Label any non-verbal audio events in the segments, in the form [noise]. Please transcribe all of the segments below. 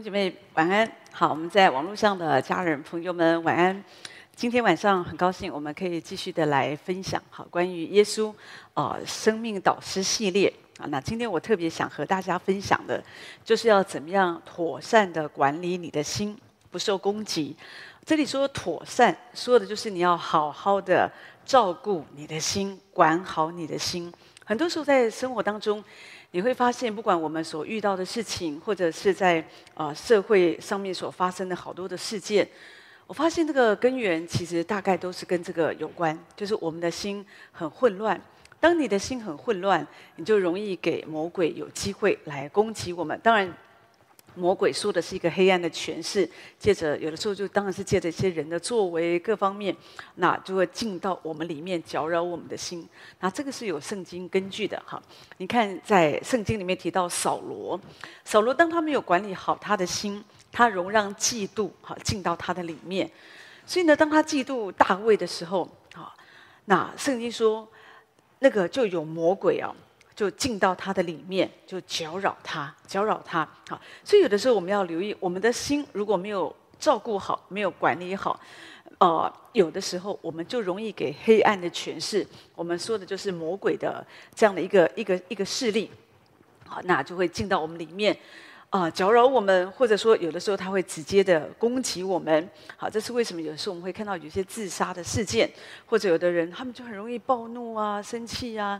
姐妹晚安，好，我們在網絡上的家人朋友們晚安。今天晚上很高興，我們可以繼續的來分享。好，關於耶穌啊、呃，生命導師系列啊，那今天我特別想和大家分享的，就是要怎麼樣妥善的管理你的心，不受攻擊。這裡說妥善，說的就是你要好好的照顧你的心，管好你的心。很多時候在生活當中。你會發現，不管我們所遇到的事情，或者是在啊、呃、社會上面所發生的好多的事件，我發現這個根源其實大概都是跟這個有關，就是我們的心很混亂。當你的心很混亂，你就容易給魔鬼有機會來攻擊我們。當然。魔鬼說的是一個黑暗的權勢。接着有的時候就當然是借着一些人的作為各方面，那就會進到我們裡面攪擾我們的心，那這個是有聖經根據的哈。你看在聖經裡面提到掃羅，掃羅當他沒有管理好他的心，他容讓嫉妒哈進到他的裡面，所以呢，當他嫉妒大衛的時候啊，那聖經說那個就有魔鬼啊。就進到它的裡面，就攪擾它，攪擾它。好，所以有的時候我們要留意，我們的心如果沒有照顧好，沒有管理好，呃，有的時候我們就容易給黑暗的權勢。我們說的就是魔鬼的這樣的一個一個一個勢力。好，那就會進到我們裡面。啊、呃，攪擾我們，或者說有的時候他會直接的攻擊我們，好，這是為什麼？有的時候我們會看到有些自殺的事件，或者有的人他們就很容易暴怒啊、生氣啊，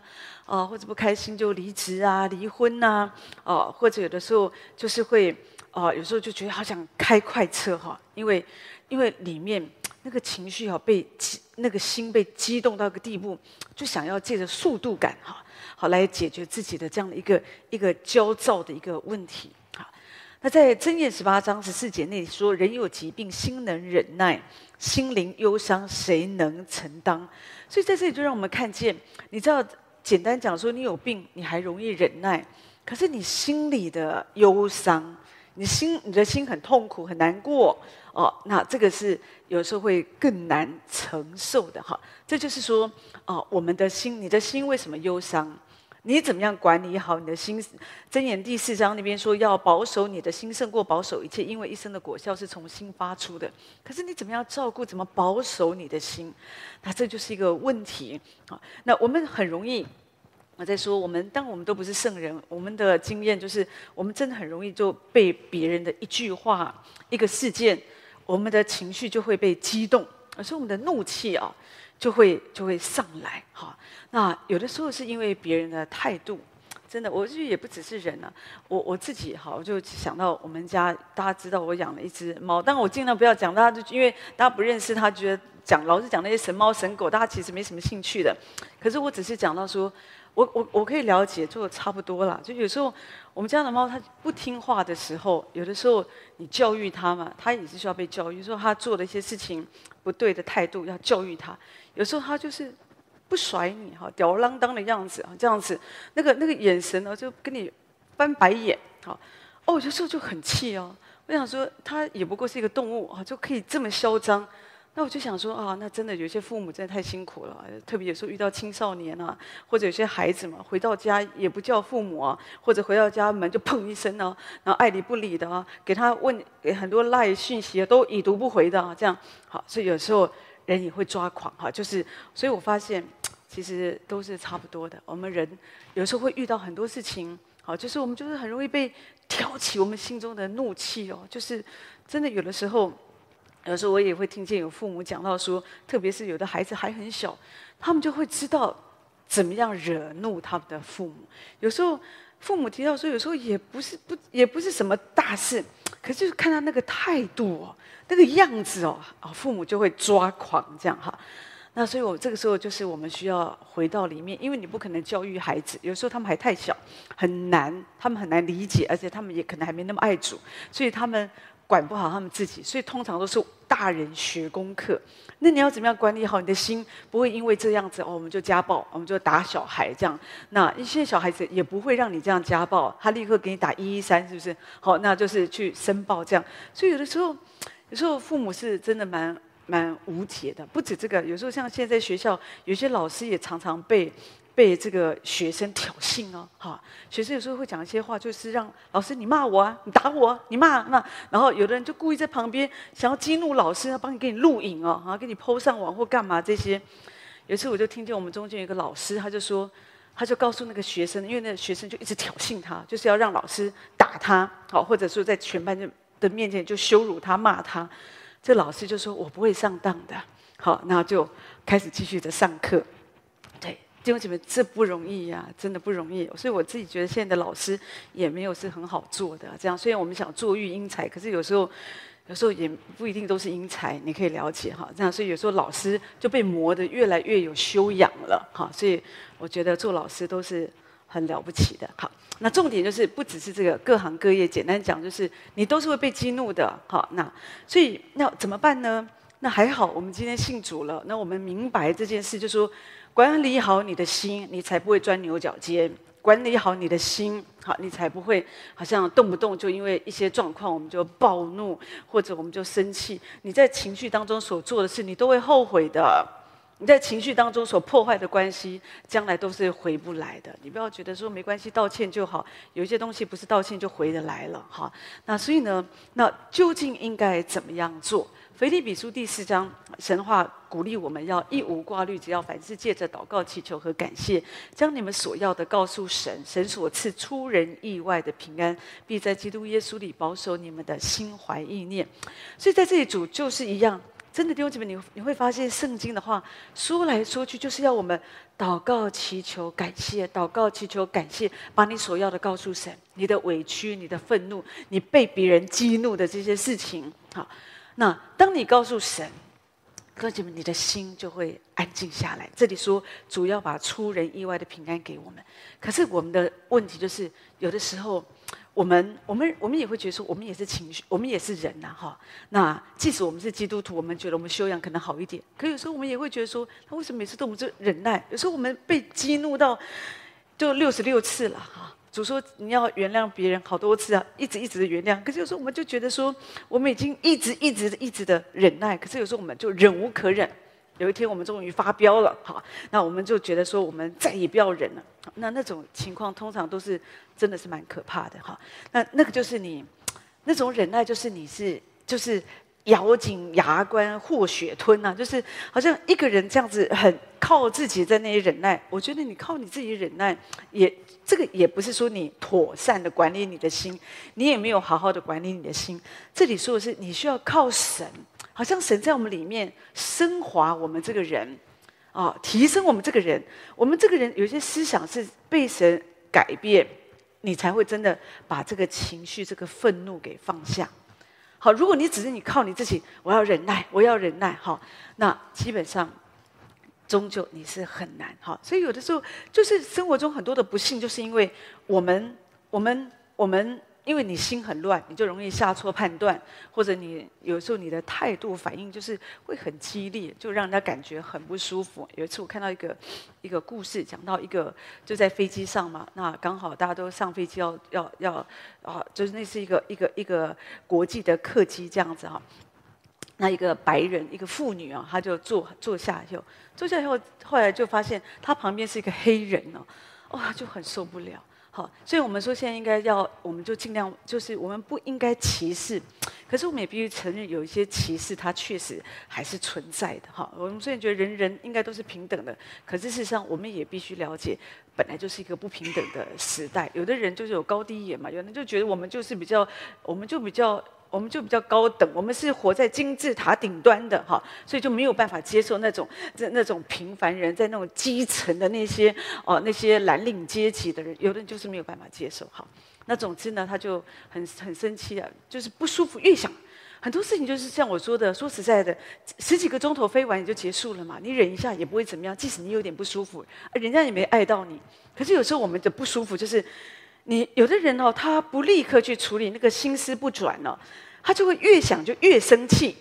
啊、呃，或者不開心就離職啊、離婚吶、啊，哦、呃，或者有的時候就是會，哦、呃，有時候就覺得好像開快車哈，因為因為裡面那個情緒哈、啊、被激，那個心被激動到一個地步，就想要借着速度感哈，好、哦、來解決自己的這樣的一個一個焦躁的一個問題。那在箴言十八章十四節內說：“人有疾病，心能忍耐；心靈憂傷，誰能承擔？”所以在這裡就讓我們看見，你知道，簡單講說，你有病，你還容易忍耐；可是你心裡的憂傷，你心你的心很痛苦、很難過哦。那這個是有時候會更難承受的哈、哦。這就是說，哦，我們的心，你的心為什麼憂傷？你怎麼樣管理好你的心？箴言第四章那邊說，要保守你的心，勝過保守一切，因為一生的果效是從心發出的。可是你怎麼樣照顧、怎麼保守你的心？那這就是一個問題。好，那我們很容易，我在說我們，但我們都不是聖人。我們的經驗就是，我們真的很容易就被別人的一句話、一個事件，我們的情緒就會被激動，而且我們的怒氣啊，就會就會上來。好。那有的時候是因為別人的態度，真的，我就也不只是人了，啊。我我自己好，我就想到我們家，大家知道我養了一隻貓，但我盡量不要講，大家就因為大家不認識它，他覺得講老是講那些神貓神狗，大家其實沒什麼興趣的。可是我只是講到說，我我我可以了解，做的差不多了。就有時候我們家的貓它不聽話的時候，有的時候你教育它嘛，它也是需要被教育。說它做的一些事情不對的態度，要教育它。有時候它就是。不甩你哈，吊兒郎當的樣子啊，這樣子，那個那個眼神呢，就跟你翻白眼，好，哦，我覺得這時候就很氣哦、啊。我想說，他也不過是一個動物啊，就可以這麼囂張。那我就想說啊，那真的有些父母真的太辛苦了，特別有時候遇到青少年啊，或者有些孩子嘛，回到家也不叫父母啊，或者回到家門就砰一聲呢、啊，然後愛理不理的啊，給他問給很多賴訊息啊，都已讀不回的啊，這樣好，所以有時候。人也會抓狂哈，就是，所以我發現，其實都是差不多的。我們人有時候會遇到很多事情，好，就是我們就是很容易被挑起我們心中的怒氣哦。就是真的有的時候，有時候我也會聽見有父母講到說，特別是有的孩子還很小，他們就會知道怎麼樣惹怒他們的父母。有時候父母提到說，有時候也不是不也不是什麼大事。可是，就是看他那個態度哦，那個樣子哦，啊，父母就會抓狂這樣哈。那所以我這個時候，就是我們需要回到裡面，因為你不可能教育孩子，有時候他們還太小，很難，他們很難理解，而且他們也可能還沒那麼愛主，所以他們。管不好他們自己，所以通常都是大人學功課。那你要怎麼樣管理好你的心，不會因為這樣子哦，我們就家暴，我們就打小孩這樣。那一些小孩子也不會讓你這樣家暴，他立刻給你打一一三，是不是？好，那就是去申報這樣。所以有的時候，有時候父母是真的蠻蠻無解的。不止這個，有時候像現在學校有些老師也常常被。被這個學生挑釁哦，哈！學生有時候會講一些話，就是讓老師你罵我啊，你打我、啊，你罵、啊、那，然後有的人就故意在旁邊想要激怒老師，要幫你給你錄影哦，啊，給你 PO 上網或幹嘛這些。有一次我就聽見我們中間有一個老師，他就說，他就告訴那個學生，因為那個學生就一直挑釁他，就是要讓老師打他，好，或者說在全班的面前就羞辱他罵他。這老師就說：“我不會上當的。”好，那就開始繼續的上課。弟兄姐妹，這不容易呀、啊，真的不容易。所以我自己覺得，現在的老師也沒有是很好做的。這樣，雖然我們想作育英才，可是有時候，有時候也不一定都是英才。你可以了解哈。這樣，所以有時候老師就被磨得越來越有修養了。哈，所以我覺得做老師都是很了不起的。好，那重點就是不只是這個，各行各業，簡單講就是你都是會被激怒的。好，那所以那怎麼辦呢？那還好，我們今天信主了，那我們明白這件事，就是說。管理好你的心，你才不會鑽牛角尖。管理好你的心，好，你才不會好像動不動就因為一些狀況我們就暴怒，或者我們就生氣。你在情緒當中所做的事，你都會後悔的。你在情緒當中所破壞的關係，將來都是回不來的。你不要覺得說沒關係，道歉就好。有一些東西不是道歉就回得來了，哈。那所以呢，那究竟應該怎麼樣做？腓立比書第四章，神的話鼓勵我們要一無掛慮，只要凡事借着禱告祈求和感謝，將你們所要的告訴神。神所賜出人意外的平安，必在基督耶穌裡保守你們的心懷意念。所以在這一組就是一樣。真的，弟兄姊妹，你你會發現，聖經的話說來說去就是要我們禱告、祈求、感謝，禱告、祈求、感謝，把你所要的告訴神，你的委屈、你的憤怒、你被別人激怒的這些事情。好，那當你告訴神，各位姐妹，你的心就會安靜下來。這裡說主要把出人意外的平安給我們，可是我們的問題就是有的時候。我們我們我們也會覺得說，我們也是情緒，我們也是人吶，哈。那即使我們是基督徒，我們覺得我們修養可能好一點，可有時候我們也會覺得說，他為什麼每次都我們就忍耐？有時候我們被激怒到，就六十六次了，哈。主說你要原諒別人好多次啊，一直一直的原諒。可是有時候我們就覺得說，我們已經一直一直一直的忍耐，可是有時候我們就忍無可忍。有一天，我們終於發飆了，哈，那我們就覺得說，我們再也不要忍了。那那種情況，通常都是真的是蠻可怕的，哈。那那個就是你，那種忍耐就是你是就是咬緊牙關和血吞啊，就是好像一個人這樣子很靠自己在那裡忍耐。我覺得你靠你自己忍耐也，也這個也不是說你妥善的管理你的心，你也沒有好好的管理你的心。這裡說的是你需要靠神。好像神在我們裡面升華我們這個人，啊、哦，提升我們這個人。我們這個人有些思想是被神改變，你才會真的把這個情緒、這個憤怒給放下。好，如果你只是你靠你自己，我要忍耐，我要忍耐，好、哦，那基本上終究你是很難，好、哦。所以有的時候就是生活中很多的不幸，就是因為我們、我們、我們。因為你心很亂，你就容易下錯判斷，或者你有時候你的態度反應就是會很激烈，就讓人家感覺很不舒服。有一次我看到一個一個故事，講到一個就在飛機上嘛，那剛好大家都上飛機要要要啊，就是那是一個一個一個國際的客機這樣子哈、啊。那一個白人一個婦女啊，她就坐坐下以後坐下以後，後來就發現她旁邊是一個黑人、啊、哦，哇就很受不了。所以，我們說現在應該要，我們就儘量，就是我們不應該歧視。可是，我們也必須承認，有一些歧視它確實還是存在的。哈，我們雖然覺得人人應該都是平等的，可是事實上，我們也必須了解，本來就是一個不平等的時代。有的人就是有高低眼嘛，有人就覺得我們就是比較，我們就比較。我們就比較高等，我們是活在金字塔頂端的哈，所以就沒有辦法接受那種那那種平凡人在那種基層的那些哦那些藍領階級的人，有的人就是沒有辦法接受哈。那總之呢，他就很很生氣啊，就是不舒服，越想很多事情就是像我說的，說實在的，十幾個鐘頭飛完也就結束了嘛，你忍一下也不會怎麼樣，即使你有點不舒服，人家也沒礙到你。可是有時候我們的不舒服就是。你有的人呢、哦，他不立刻去處理那個心思不轉呢、哦，他就會越想就越生氣，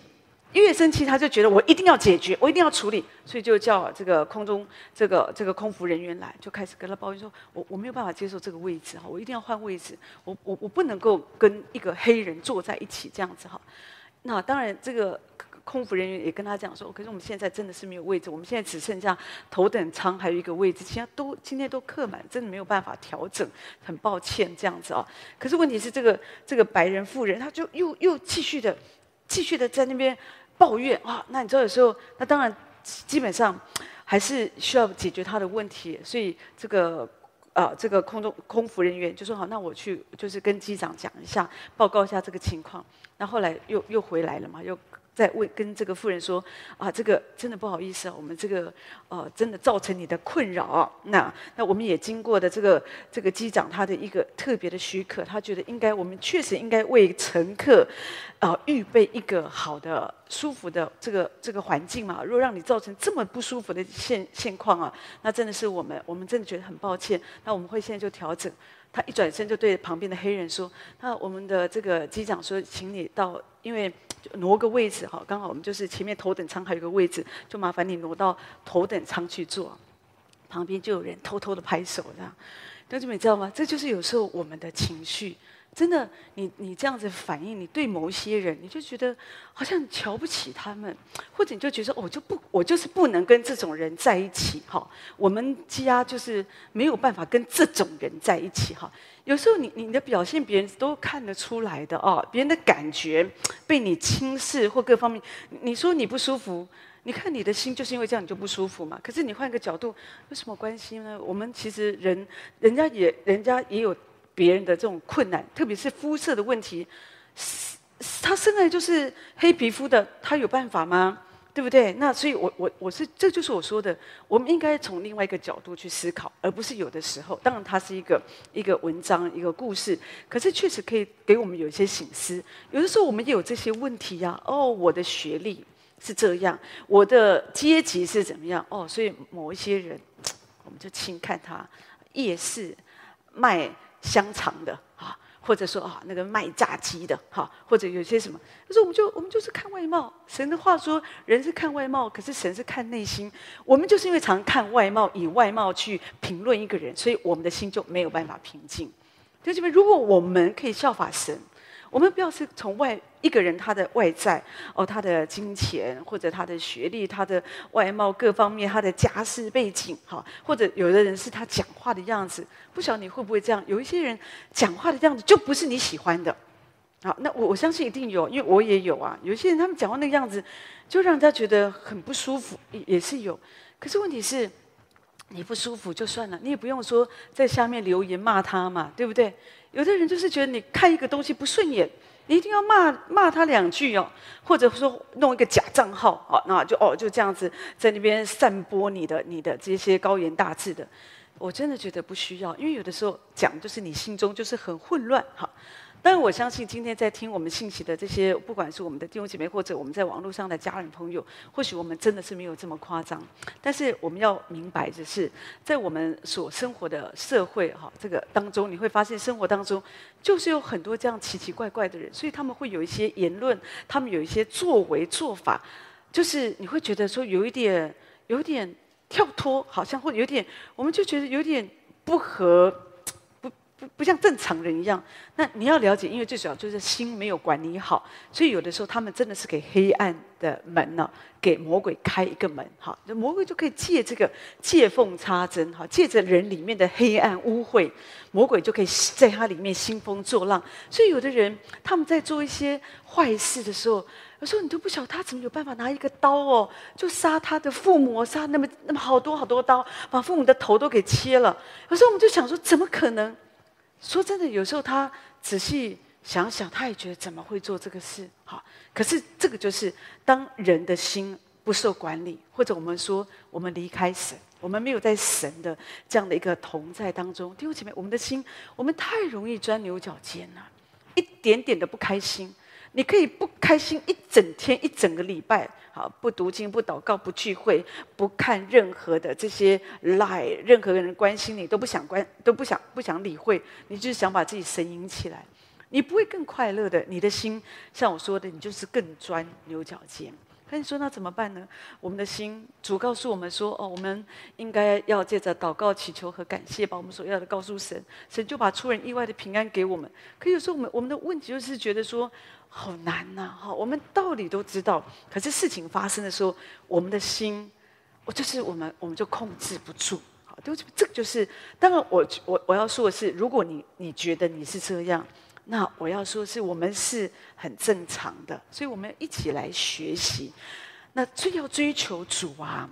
越生氣他就覺得我一定要解決，我一定要處理，所以就叫這個空中這個這個空服人員來，就開始跟他抱怨說，我我沒有辦法接受這個位置哈，我一定要換位置，我我我不能夠跟一個黑人坐在一起這樣子哈，那當然這個。空服人員也跟他講說、哦：“可是我們現在真的是沒有位置，我們現在只剩下頭等艙還有一個位置，其他都今天都客滿，真的沒有辦法調整，很抱歉這樣子啊、哦。可是問題是這個這個白人婦人，他就又又繼續的繼續的在那邊抱怨啊、哦。那你知道有時候，那當然基本上還是需要解決他的問題。所以這個啊、呃，這個空中空服人員就說：“好，那我去就是跟機長講一下，報告一下這個情況。”那後來又又回來了嘛，又。在為跟這個婦人說啊，這個真的不好意思啊，我們這個哦、呃，真的造成你的困擾啊。那那我們也經過的這個這個機長他的一個特別的許可，他覺得應該我們確實應該為乘客，啊、呃，預備一個好的舒服的這個這個環境嘛。如果讓你造成這麼不舒服的現現況啊，那真的是我們我們真的覺得很抱歉。那我們會現在就調整。他一轉身就對旁邊的黑人說：“那我們的這個機長說，請你到，因為。”就挪個位置哈，剛好我們就是前面頭等艙還有一個位置，就麻煩你挪到頭等艙去坐。旁邊就有人偷偷的拍手這樣，同學們你知道嗎？這就是有時候我們的情緒，真的，你你這樣子反應，你對某些人，你就覺得好像瞧不起他們，或者你就覺得我就不，我就是不能跟這種人在一起哈，我們家就是沒有辦法跟這種人在一起哈。有時候你你的表現，別人都看得出來的啊、哦，別人的感覺被你輕視或各方面，你說你不舒服，你看你的心就是因為這樣你就不舒服嘛。可是你換個角度，有什麼關係呢？我們其實人，人家也人家也有別人的這種困難，特別是膚色的問題，他生來就是黑皮膚的，他有辦法嗎？對不對？那所以我，我我我是，這就是我說的，我們應該從另外一個角度去思考，而不是有的時候，當然它是一個一個文章，一個故事，可是確實可以給我們有一些省思。有的時候我們也有這些問題呀、啊，哦，我的學歷是這樣，我的階級是怎麼樣？哦，所以某一些人，我們就輕看他夜市賣香腸的啊。或者說啊、哦，那個賣炸雞的哈，或者有些什麼，他說我們就我們就是看外貌。神的話說，人是看外貌，可是神是看內心。我們就是因為常看外貌，以外貌去評論一個人，所以我們的心就沒有辦法平靜。弟兄們，如果我們可以效法神。我們不要是從外一個人他的外在哦，他的金錢或者他的學歷、他的外貌各方面，他的家世背景，哈、哦，或者有的人是他講話的樣子，不曉得你會不會這樣？有一些人講話的樣子就不是你喜歡的，好，那我我相信一定有，因為我也有啊。有些人他們講話那個樣子，就讓人家覺得很不舒服也，也是有。可是問題是，你不舒服就算了，你也不用說在下面留言罵他嘛，對不對？有的人就是覺得你看一個東西不順眼，你一定要罵罵他兩句哦，或者說弄一個假賬號啊、哦，那就哦就這樣子在那邊散播你的你的這些高言大志的。我真的覺得不需要，因為有的時候講就是你心中就是很混亂哈。哦但我相信，今天在聽我們信息的這些，不管是我們的弟兄姐妹，或者我們在網絡上的家人朋友，或許我們真的是沒有這麼誇張。但是我們要明白的是，在我們所生活的社會哈這個當中，你會發現生活當中就是有很多這樣奇奇怪怪的人，所以他們會有一些言論，他們有一些作為做法，就是你會覺得說有一點，有點跳脫，好像會有點，我們就覺得有點不合。不不像正常人一樣，那你要了解，因為最主要就是心沒有管理好，所以有的時候他們真的是給黑暗的門呢、啊，給魔鬼開一個門，哈，那魔鬼就可以借這個見縫插針，哈，借着人裡面的黑暗污穢，魔鬼就可以在他裡面興風作浪。所以有的人他們在做一些壞事的時候，我說你都不曉得他怎麼有辦法拿一個刀哦，就殺他的父母，殺那麼那麼好多好多刀，把父母的頭都給切了。有時候我們就想說，怎麼可能？說真的，有時候他仔細想想，他也覺得怎麼會做這個事？好，可是這個就是當人的心不受管理，或者我們說我們離開神，我們沒有在神的這樣的一個同在當中。弟兄姐妹，我們的心，我們太容易鑽牛角尖了，一點點的不開心。你可以不開心一整天、一整個禮拜，好，不讀經、不禱告、不聚會、不看任何的這些 LINE，任何人關心你都不想關，都不想不想理會，你就是想把自己神隱起來，你不會更快樂的。你的心像我說的，你就是更鑽牛角尖。那你說那怎麼辦呢？我們的心，主告訴我們說：“哦，我們應該要借着禱告、祈求和感謝，把我們所要的告訴神，神就把出人意外的平安給我們。”可有時候我們，我們的問題就是覺得說好難吶、啊，哈、哦，我們道理都知道，可是事情發生的時候，我們的心，我就是我們，我們就控制不住，好，就這個就是。當然我，我我我要說的是，如果你你覺得你是這樣。那我要說，是我們是很正常的，所以我們一起來學習。那最要追求主啊！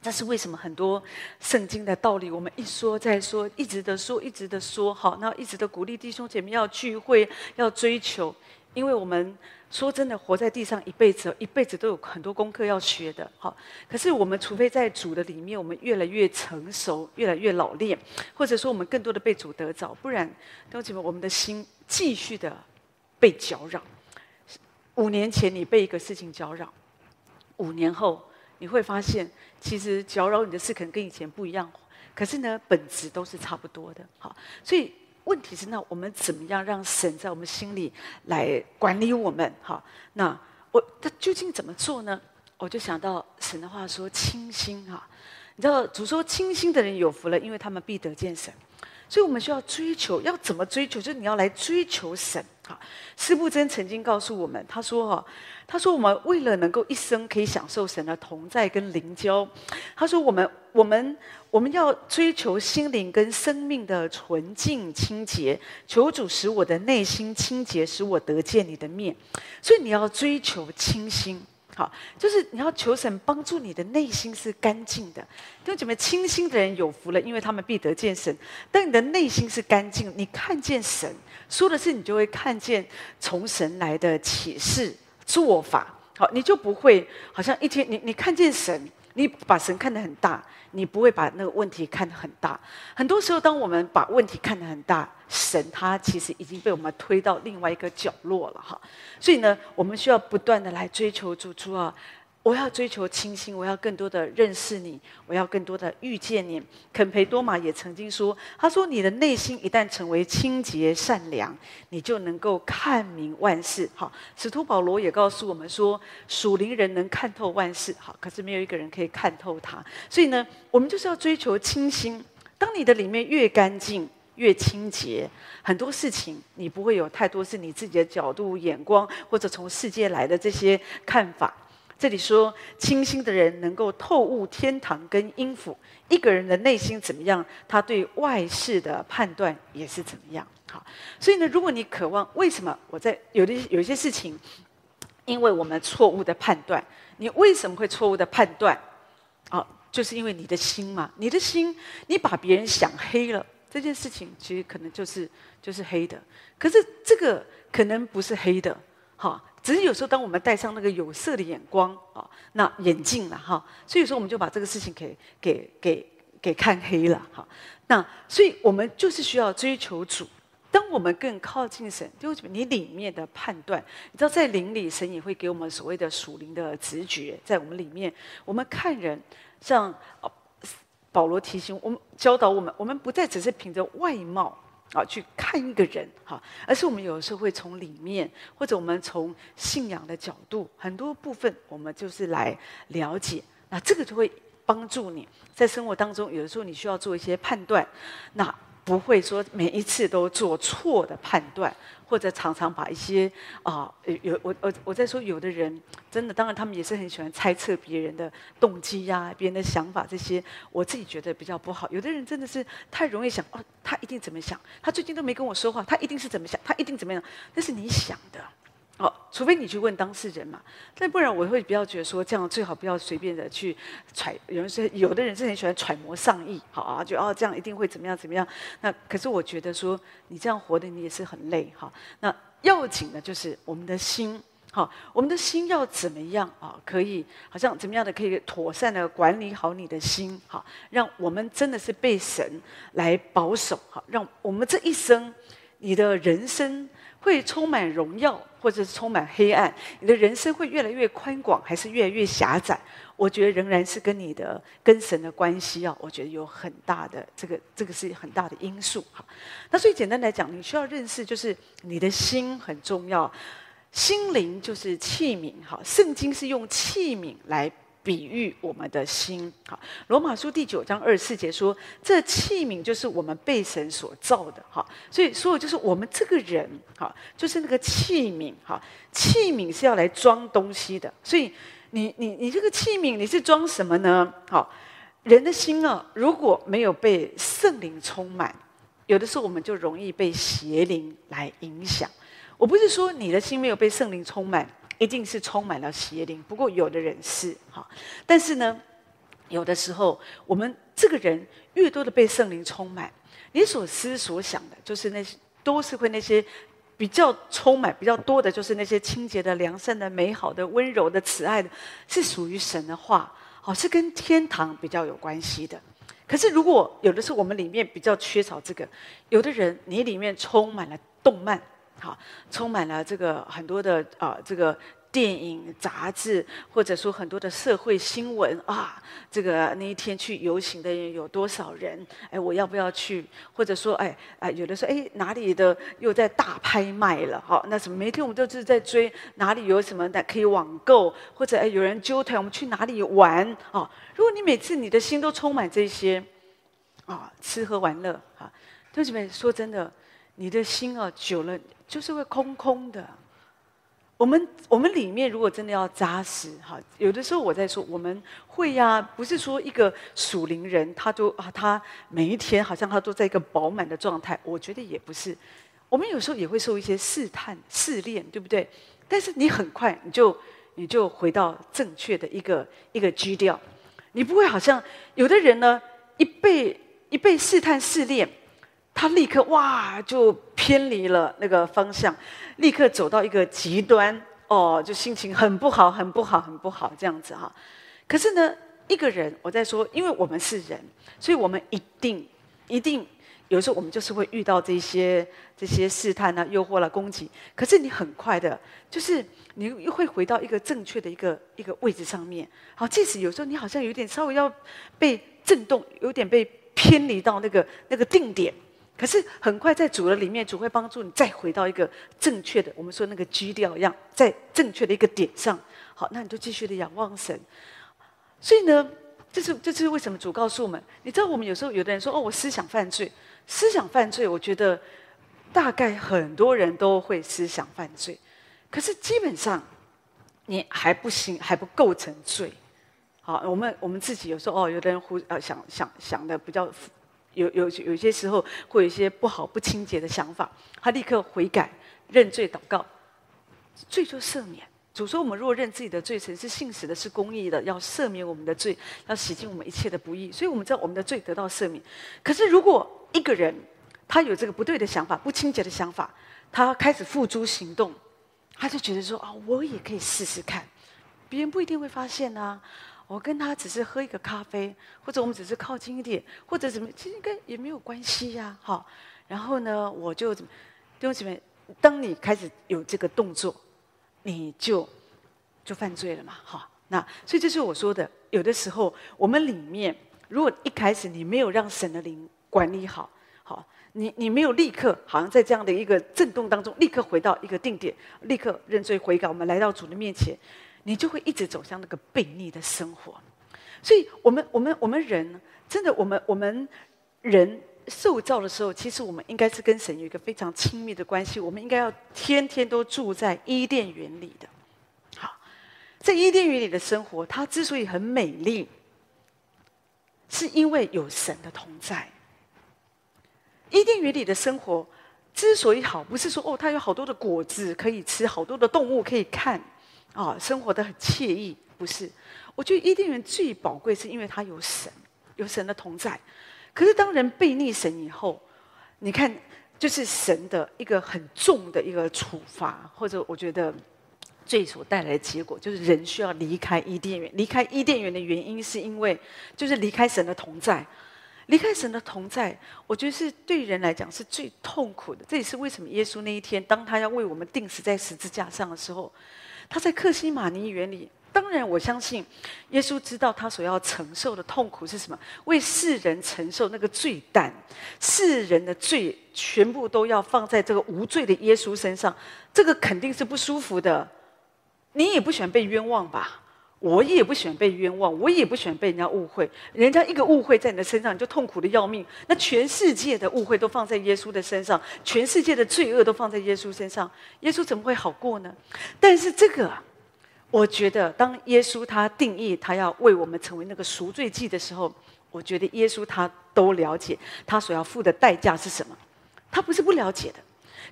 但是為什麼？很多聖經的道理，我們一說再說，一直的說，一直的說，好，那一直的鼓勵弟兄姐妹要聚會，要追求，因為我們。說真的，活在地上一輩子，一輩子都有很多功課要學的。哈，可是我們除非在主的裡面，我們越來越成熟，越來越老練，或者說我們更多的被主得着，不然，同學們，我們的心繼續的被攪擾。五年前你被一個事情攪擾，五年後你會發現，其實攪擾你的事可能跟以前不一樣，可是呢，本質都是差不多的。哈，所以。問題是，那我們怎麼樣讓神在我們心裡來管理我們？哈，那我他究竟怎麼做呢？我就想到神的話說：“清心。哈，你知道主說清心的人有福了，因為他們必得見神。”所以，我們需要追求，要怎麼追求？就是你要來追求神。啊，司布真曾經告訴我們，他說：“哈、啊，他說我們為了能夠一生可以享受神的同在跟靈交，他說我們，我們，我們要追求心靈跟生命的純淨清潔。求主使我的內心清潔，使我得見你的面。所以，你要追求清心。”好，就是你要求神幫助，你的內心是乾淨的，跟怎麼清心的人有福了，因為他們必得見神。但你的內心是乾淨，你看見神說的是，你就會看見從神來的啟示做法。好，你就不會好像一天你你看見神。你把神看得很大，你不會把那個問題看得很大。很多時候，當我們把問題看得很大，神他其實已經被我們推到另外一個角落了哈。所以呢，我們需要不斷地來追求主，主啊。我要追求清心，我要更多的認識你，我要更多的遇見你。肯培多瑪也曾經說：“他說你的內心一旦成為清潔、善良，你就能夠看明萬事。”好，使徒保羅也告訴我們說：“屬靈人能看透萬事。”好，可是沒有一個人可以看透他。所以呢，我們就是要追求清心。當你的裡面越乾淨、越清潔，很多事情你不會有太多是你自己的角度、眼光或者從世界來的這些看法。這裡說，清心的人能夠透悟天堂跟陰府。一個人的內心怎麼樣，他對外事的判斷也是怎麼樣。好，所以呢，如果你渴望，為什麼我在有的有些事情，因為我們錯誤的判斷，你為什麼會錯誤的判斷？好、哦，就是因為你的心嘛。你的心，你把別人想黑了，這件事情其實可能就是就是黑的。可是這個可能不是黑的，好、哦。只是有時候，當我們戴上那個有色的眼光啊，那眼鏡了哈，所以說我們就把這個事情給給給給看黑了哈。那所以我們就是需要追求主。當我們更靠近神，就你裡面的判斷，你知道在靈裡，神也會給我們所謂的屬靈的直覺在我們裡面。我們看人，像保羅提醒我們，教導我們，我們不再只是憑着外貌，啊，去看一個人哈，而是我們有的時候會從裡面，或者我們從信仰的角度，很多部分我們就是來了解，那這個就會幫助你，在生活當中有的時候你需要做一些判斷，那不會說每一次都做錯的判斷。或者常常把一些啊、哦，有有我我我在說，有的人真的，當然他們也是很喜歡猜測別人的動機呀、啊，別人的想法這些，我自己覺得比較不好。有的人真的是太容易想，哦，他一定怎麼想，他最近都沒跟我說話，他一定是怎麼想，他一定怎麼樣。那是你想的。哦，除非你去問當事人嘛，但不然我會比較覺得說，這樣最好不要隨便的去揣。有人說，有的人是很喜歡揣摩上意，好啊，就哦這樣一定會怎麼樣怎麼樣。那可是我覺得說，你這樣活的你也是很累哈。那要緊的就是我們的心，哈，我們的心要怎麼樣啊？可以好像怎麼樣的可以妥善的管理好你的心，哈，讓我們真的是被神來保守，哈，讓我們這一生，你的人生會充滿榮耀。或者是充滿黑暗，你的人生會越來越寬廣，還是越來越狹窄？我覺得仍然是跟你的、跟神的關係啊，我覺得有很大的這個這個是很大的因素哈。那最簡單來講，你需要認識就是你的心很重要，心靈就是器皿哈。聖經是用器皿來，比喻我們的心，好。羅馬書第九章二十四節說：“這器皿就是我們被神所造的，好。所以，說就是我們這個人，好，就是那個器皿，哈。器皿是要來裝東西的。所以你，你你你這個器皿，你是裝什麼呢？好，人的心啊，如果沒有被聖靈充滿，有的時候我們就容易被邪靈來影響。我不是說你的心沒有被聖靈充滿。”一定是充滿了邪靈，不過有的人是哈，但是呢，有的時候我們這個人越多的被聖靈充滿，你所思所想的，就是那些都是會那些比較充滿比較多的，就是那些清潔的、良善的、美好的、溫柔的、慈愛的，是屬於神的話，哦，是跟天堂比較有關係的。可是如果有的時候我們裡面比較缺少這個，有的人你裡面充滿了動漫。好，充滿了這個很多的啊、呃，這個電影雜誌，或者說很多的社會新聞啊，這個那一天去遊行的人有多少人？哎，我要不要去？或者說，哎哎，有的說，哎，哪裡的又在大拍賣了？好，那什麼，每天我們都是在追哪裡有什麼可以網購，或者哎，有人揪團，我們去哪裡玩？哦、啊，如果你每次你的心都充滿這些，啊，吃喝玩樂啊，同學們，說真的，你的心啊，久了。就是會空空的。我們我們裡面如果真的要扎實哈，有的時候我在說我們會呀、啊，不是說一個屬靈人他都啊，他每一天好像他都在一個飽滿的狀態，我覺得也不是。我們有時候也會受一些試探試煉，對不對？但是你很快你就你就回到正確的一個一個基調，你不會好像有的人呢，一被一被試探試煉。他立刻哇就偏離了那個方向，立刻走到一個極端哦，就心情很不好，很不好，很不好這樣子哈。可是呢，一個人我在說，因為我們是人，所以我們一定一定有時候我們就是會遇到這些這些試探啊、誘惑啦、啊，攻擊。可是你很快的，就是你又會回到一個正確的一個一個位置上面。好，即使有時候你好像有點稍微要被震動，有點被偏離到那個那個定點。可是很快在主的裡面，主會幫助你再回到一個正確的，我們說那個基調一樣，在正確的一個點上。好，那你就繼續的仰望神。所以呢，這是這是為什麼主告訴我們，你知道我們有時候有的人說：“哦，我思想犯罪，思想犯罪。”我覺得大概很多人都會思想犯罪，可是基本上你還不行，還不構成罪。好，我們我們自己有時候哦，有的人胡啊、呃，想想想的比較。有有有些時候，會有一些不好不清潔的想法，他立刻悔改、認罪、禱告，罪就赦免。主說：“我們若認自己的罪，神是信實的，是公義的，要赦免我們的罪，要洗淨我們一切的不義。”所以我們知道我們的罪得到赦免。可是如果一個人他有這個不對的想法、不清潔的想法，他開始付諸行動，他就覺得說：“啊、哦，我也可以試試看，別人不一定會發現呢、啊。”我跟他只是喝一個咖啡，或者我們只是靠近一點，或者怎麼，其實跟也沒有關係呀、啊，好。然後呢，我就，怎麼，弟兄姊妹，當你開始有這個動作，你就就犯罪了嘛，好。那所以這是我說的，有的時候我們裡面，如果一開始你沒有讓神的靈管理好，好，你你沒有立刻好像在這樣的一個震動當中，立刻回到一個定點，立刻認罪悔改，我們來到主的面前。你就會一直走向那個悖逆的生活，所以，我們，我們，我們人，真的，我們，我們人受造的時候，其實我們應該是跟神有一個非常親密的關係，我們應該要天天都住在伊甸園裡的。好，在伊甸園裡的生活，它之所以很美麗，是因為有神的同在。伊甸園裡的生活之所以好，不是說哦，它有好多的果子可以吃，好多的動物可以看。啊、哦，生活得很愜意，不是？我覺得伊甸園最寶貴，是因為它有神，有神的同在。可是當人悖逆神以後，你看，就是神的一個很重的一個處罰，或者我覺得罪所帶來的結果，就是人需要離開伊甸園。離開伊甸園的原因，是因為就是離開神的同在，離開神的同在，我覺得是對人來講是最痛苦的。這也是為什麼耶穌那一天，當他要為我們釘死在十字架上的時候。他在客西馬尼園裡，當然我相信，耶穌知道他所要承受的痛苦是什麼？為世人承受那個罪擔，世人的罪全部都要放在這個無罪的耶穌身上，這個肯定是不舒服的。你也不喜歡被冤枉吧？我也不喜歡被冤枉，我也不喜歡被人家誤會。人家一個誤會，在你的身上，你就痛苦得要命。那全世界的誤會都放在耶穌的身上，全世界的罪惡都放在耶穌身上，耶穌怎麼會好過呢？但是這個，我覺得，當耶穌他定義他要為我們成為那個贖罪祭的時候，我覺得耶穌他都了解他所要付的代價是什麼，他不是不了解的。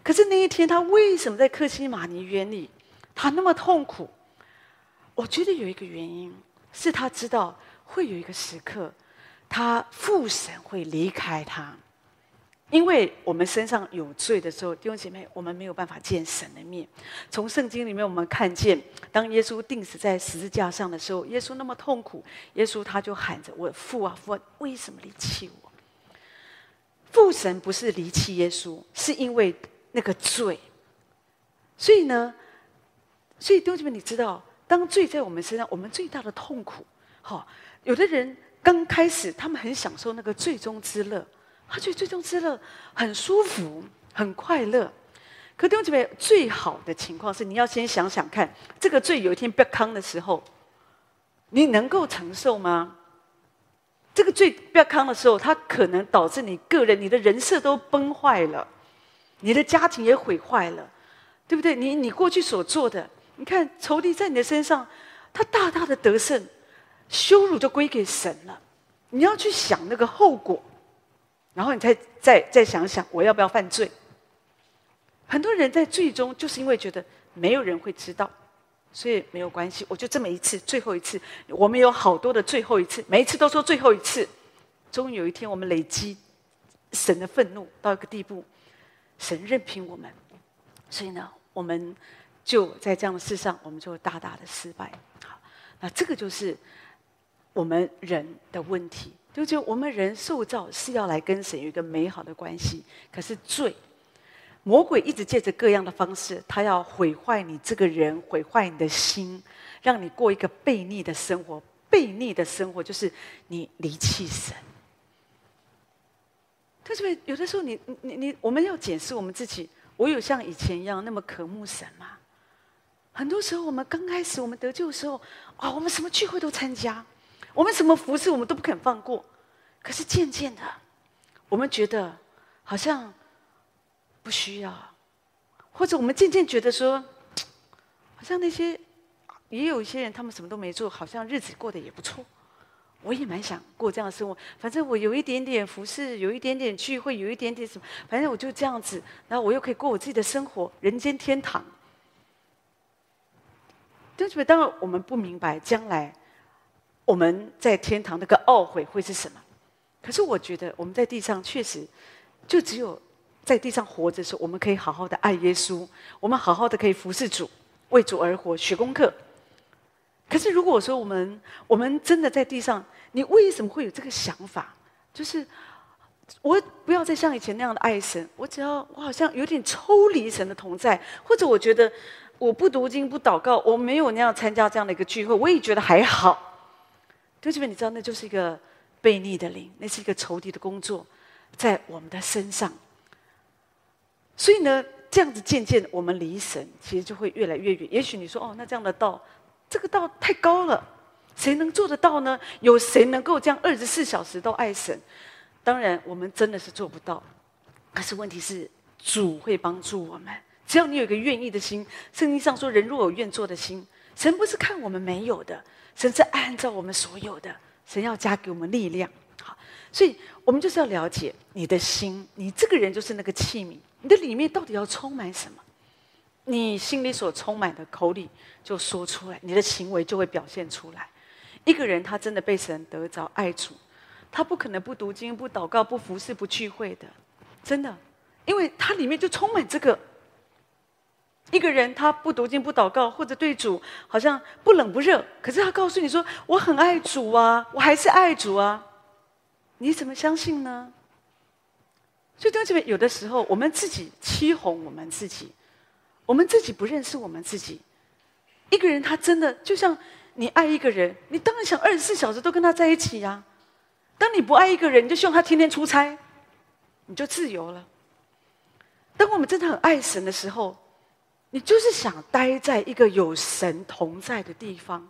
可是那一天，他為什麼在客西馬尼園裡，他那麼痛苦？我覺得有一個原因是他知道會有一個時刻，他父神會離開他，因為我們身上有罪的時候，弟兄姐妹，我們沒有辦法見神的面。從聖經裡面我們看見，當耶穌釘死在十字架上的時候，耶穌那麼痛苦，耶穌他就喊着：“我父啊，父啊，為什麼離棄我？”父神不是離棄耶穌，是因為那個罪。所以呢，所以弟兄姐妹，你知道。當罪在我們身上，我們最大的痛苦，哈、哦！有的人剛開始，他們很享受那個罪中之樂，他覺得罪中之樂很舒服，很快樂。可弟兄姐妹，最好的情況是，你要先想想看，這個罪有一天不要扛的時候，你能夠承受嗎？這個罪不要扛的時候，它可能導致你個人、你的人設都崩壞了，你的家庭也毀壞了，對不對？你你過去所做的。你看仇敵在你的身上，他大大的得勝，羞辱就歸給神了。你要去想那個後果，然後你再再再想想，我要不要犯罪？很多人在罪中就是因為覺得沒有人會知道，所以沒有關係。我就這麼一次，最後一次。我們有好多的最後一次，每一次都說最後一次。終於有一天，我們累積神的憤怒到一個地步，神任憑我們。所以呢，我們。就在這樣的事上，我們就大大的失敗。好，那這個就是我們人的問題。就就我們人受造是要來跟神有一個美好的關係，可是罪，魔鬼一直借着各樣的方式，他要毀壞你這個人，毀壞你的心，讓你過一個悖逆的生活。悖逆的生活就是你離棄神。可是不是有的時候你，你你你，我們要檢視我們自己，我有像以前一樣那麼渴慕神嗎？很多時候，我們剛開始我們得救的時候，啊、哦，我們什麼聚會都參加，我們什麼服侍我們都不肯放過。可是漸漸的，我們覺得好像不需要，或者我們漸漸覺得說，好像那些也有一些人，他們什麼都沒做，好像日子過得也不錯。我也蠻想過這樣的生活，反正我有一點點服侍，有一點點聚會，有一點點什麼，反正我就這樣子，然後我又可以過我自己的生活，人間天堂。但是，當然，我們不明白將來我們在天堂那個懊悔會是什麼。可是，我覺得我們在地上確實，就只有在地上活着的時候，我們可以好好的愛耶穌，我們好好的可以服侍主，為主而活，學功課。可是，如果說我們我們真的在地上，你為什麼會有這個想法？就是我不要再像以前那樣的愛神，我只要我好像有點抽離神的同在，或者我覺得。我不讀經，不禱告，我沒有那樣參加這樣的一個聚會，我也覺得還好。弟兄姊妹，你知道，那就是一個悖逆的靈，那是一個仇敵的工作，在我們的身上。所以呢，這樣子漸漸我們離神，其實就會越來越遠。也許你說，哦，那這樣的道，這個道太高了，誰能做得到呢？有誰能夠這樣二十四小時都愛神？當然，我們真的是做不到。可是問題是，主會幫助我們。只要你有一個願意的心，聖經上說：“人若有願做的心，神不是看我們沒有的，神是按照我們所有的。神要加給我們力量。”好，所以我們就是要了解你的心，你這個人就是那個器皿，你的裡面到底要充滿什麼？你心裡所充滿的，口裡就說出來，你的行為就會表現出來。一個人他真的被神得着愛主，他不可能不讀經、不禱告、不服侍、不聚會的，真的，因為他裡面就充滿這個。一個人他不讀經不禱告，或者對主好像不冷不熱，可是他告訴你說，我很愛主啊，我還是愛主啊，你怎麼相信呢？所以，這樣子有的時候我們自己欺哄我們自己，我們自己不認識我們自己。一個人他真的就像你愛一個人，你當然想二十四小時都跟他在一起呀、啊。當你不愛一個人，你就希望他天天出差，你就自由了。當我們真的很愛神的時候，你就是想待在一個有神同在的地方，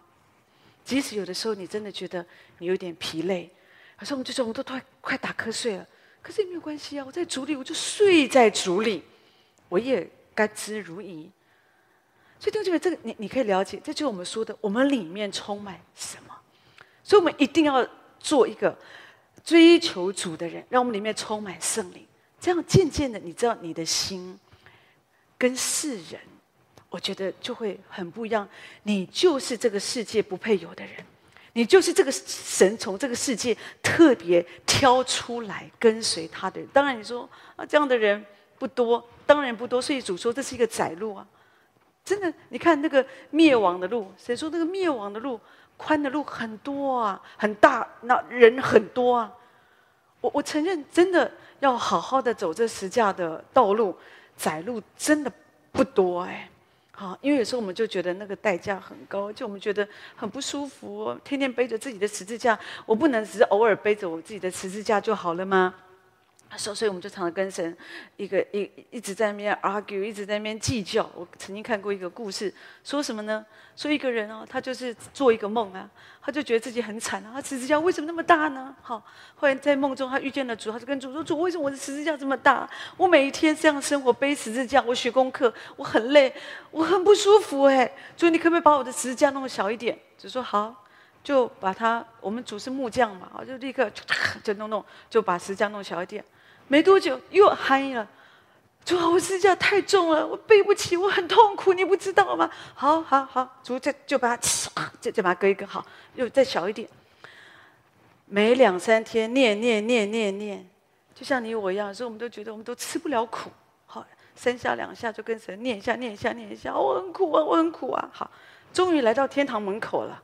即使有的時候你真的覺得你有點疲累，好像我們就說我都都快打瞌睡了，可是也沒有關係啊！我在主裡，我就睡在主裡，我也甘之如飴。所以弟兄姐妹這個你你可以了解，這就是我們說的，我們裡面充滿什麼？所以我們一定要做一個追求主的人，讓我們裡面充滿聖靈，這樣漸漸的，你知道你的心跟世人。我覺得就會很不一樣。你就是這個世界不配有的人，你就是這個神從這個世界特別挑出來跟隨他的人。當然你說啊，這樣的人不多，當然不多。所以主說這是一個窄路啊。真的，你看那個滅亡的路，誰說那個滅亡的路寬的路很多啊？很大，那人很多啊。我我承認，真的要好好的走這十架的道路，窄路真的不多哎、欸。好，因為有時候我們就覺得那個代價很高，就我們覺得很不舒服哦，天天背着自己的十字架，我不能只是偶爾背着我自己的十字架就好了嗎？他說，所以我們就常常跟神一個一一,一直在那邊 argue，一直在那邊計較。我曾經看過一個故事，說什麼呢？說一個人哦，他就是做一個夢啊，他就覺得自己很慘啊，他十字架為什麼那麼大呢？好，後來在夢中他遇見了主，他就跟主說：“主，為什麼我的十字架這麼大？我每一天這樣生活背十字架，我學功課，我很累，我很不舒服、欸。”哎，所以你可不可以把我的十字架弄小一點？就說：“好，就把他，我們主是木匠嘛，我就立刻就弄弄，就把十字架弄小一點。”沒多久又嗨了：“主、啊，我十架太重了，我背不起，我很痛苦，你不知道嗎？”“好好好，主再就把它，再再把它割一割，好，又再小一點。”每兩三天，念念念念念，就像你我一樣，所以我們都覺得我們都吃不了苦。好，三下兩下就跟神念一下，念一下，念一下，我、哦、很苦啊，啊我很苦啊！好，終於來到天堂門口了，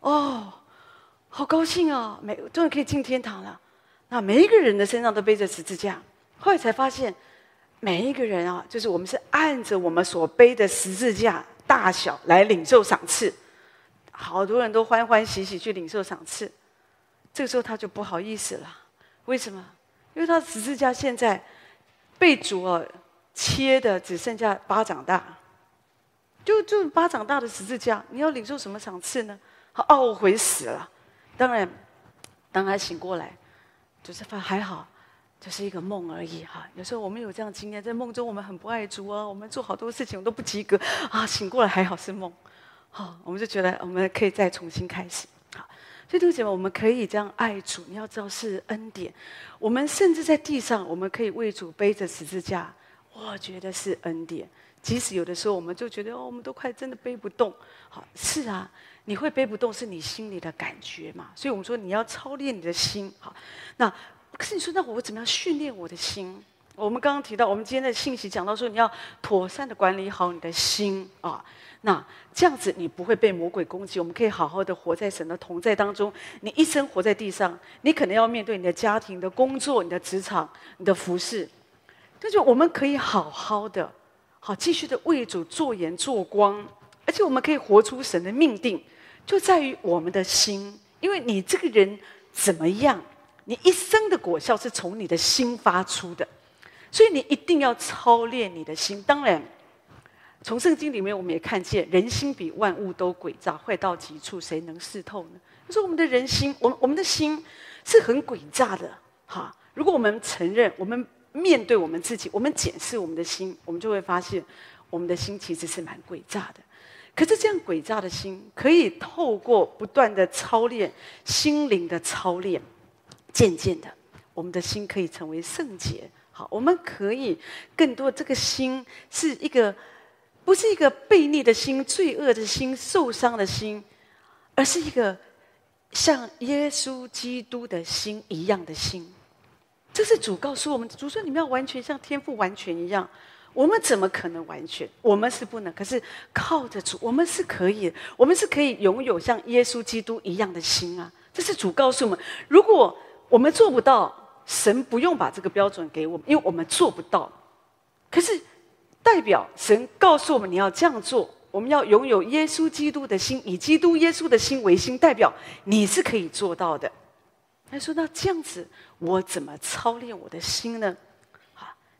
哦，好高興啊！沒，終於可以進天堂了。那每一個人的身上都背着十字架，後來才發現，每一個人啊，就是我們是按着我們所背的十字架大小來領受賞賜。好多人都歡歡喜喜去領受賞賜，這個時候他就不好意思了。為什麼？因為他的十字架現在被主切的只剩下巴掌大，就就巴掌大的十字架，你要領受什麼賞賜呢？他懊悔死了。當然，當他醒過來。就是發還好，就是一個夢而已哈。有時候我們有這樣經驗，在夢中我們很不愛主哦，我們做好多事情都不及格啊。醒過來還好是夢，好、哦，我們就覺得我們可以再重新開始。好、哦，所以弟兄姐妹，我們可以這樣愛主。你要知道是恩典。我們甚至在地上，我們可以為主背着十字架，我覺得是恩典。即使有的時候我們就覺得、哦、我們都快真的背不動。好、哦，是啊。你會背不動，是你心裡的感覺嘛？所以我們說，你要操練你的心。好，那可是你說，那我怎麼樣訓練我的心？我們剛剛提到，我們今天的信息講到說，你要妥善的管理好你的心啊。那這樣子，你不會被魔鬼攻擊。我們可以好好的活在神的同在當中。你一生活在地上，你可能要面對你的家庭、的工作、你的職場、你的服侍。但是，我們可以好好的，好繼續的為主做言做光，而且我們可以活出神的命定。就在於我們的心，因為你這個人怎麼樣，你一生的果效是從你的心發出的，所以你一定要操練你的心。當然，從聖經裡面我們也看見，人心比萬物都詭詐，壞到極處，誰能識透呢？可是我們的人心，我們我們的心是很詭詐的，哈！如果我們承認，我們面對我們自己，我們檢視我們的心，我們就會發現，我們的心其實是蠻詭詐的。可是這樣詭詐的心，可以透過不斷的操練，心靈的操練，漸漸的，我們的心可以成為聖潔。好，我們可以更多這個心是一個，不是一個悖逆的心、罪惡的心、受傷的心，而是一個像耶穌基督的心一樣的心。這是主告訴我們，主說你們要完全像天父完全一樣。我們怎麼可能完全？我們是不能。可是靠着主，我們是可以，我們是可以擁有像耶穌基督一樣的心啊！這是主告訴我們：如果我們做不到，神不用把這個標準給我們，因為我們做不到。可是代表神告訴我們：你要這樣做，我們要擁有耶穌基督的心，以基督耶穌的心為心。代表你是可以做到的。他說，那這樣子，我怎麼操練我的心呢？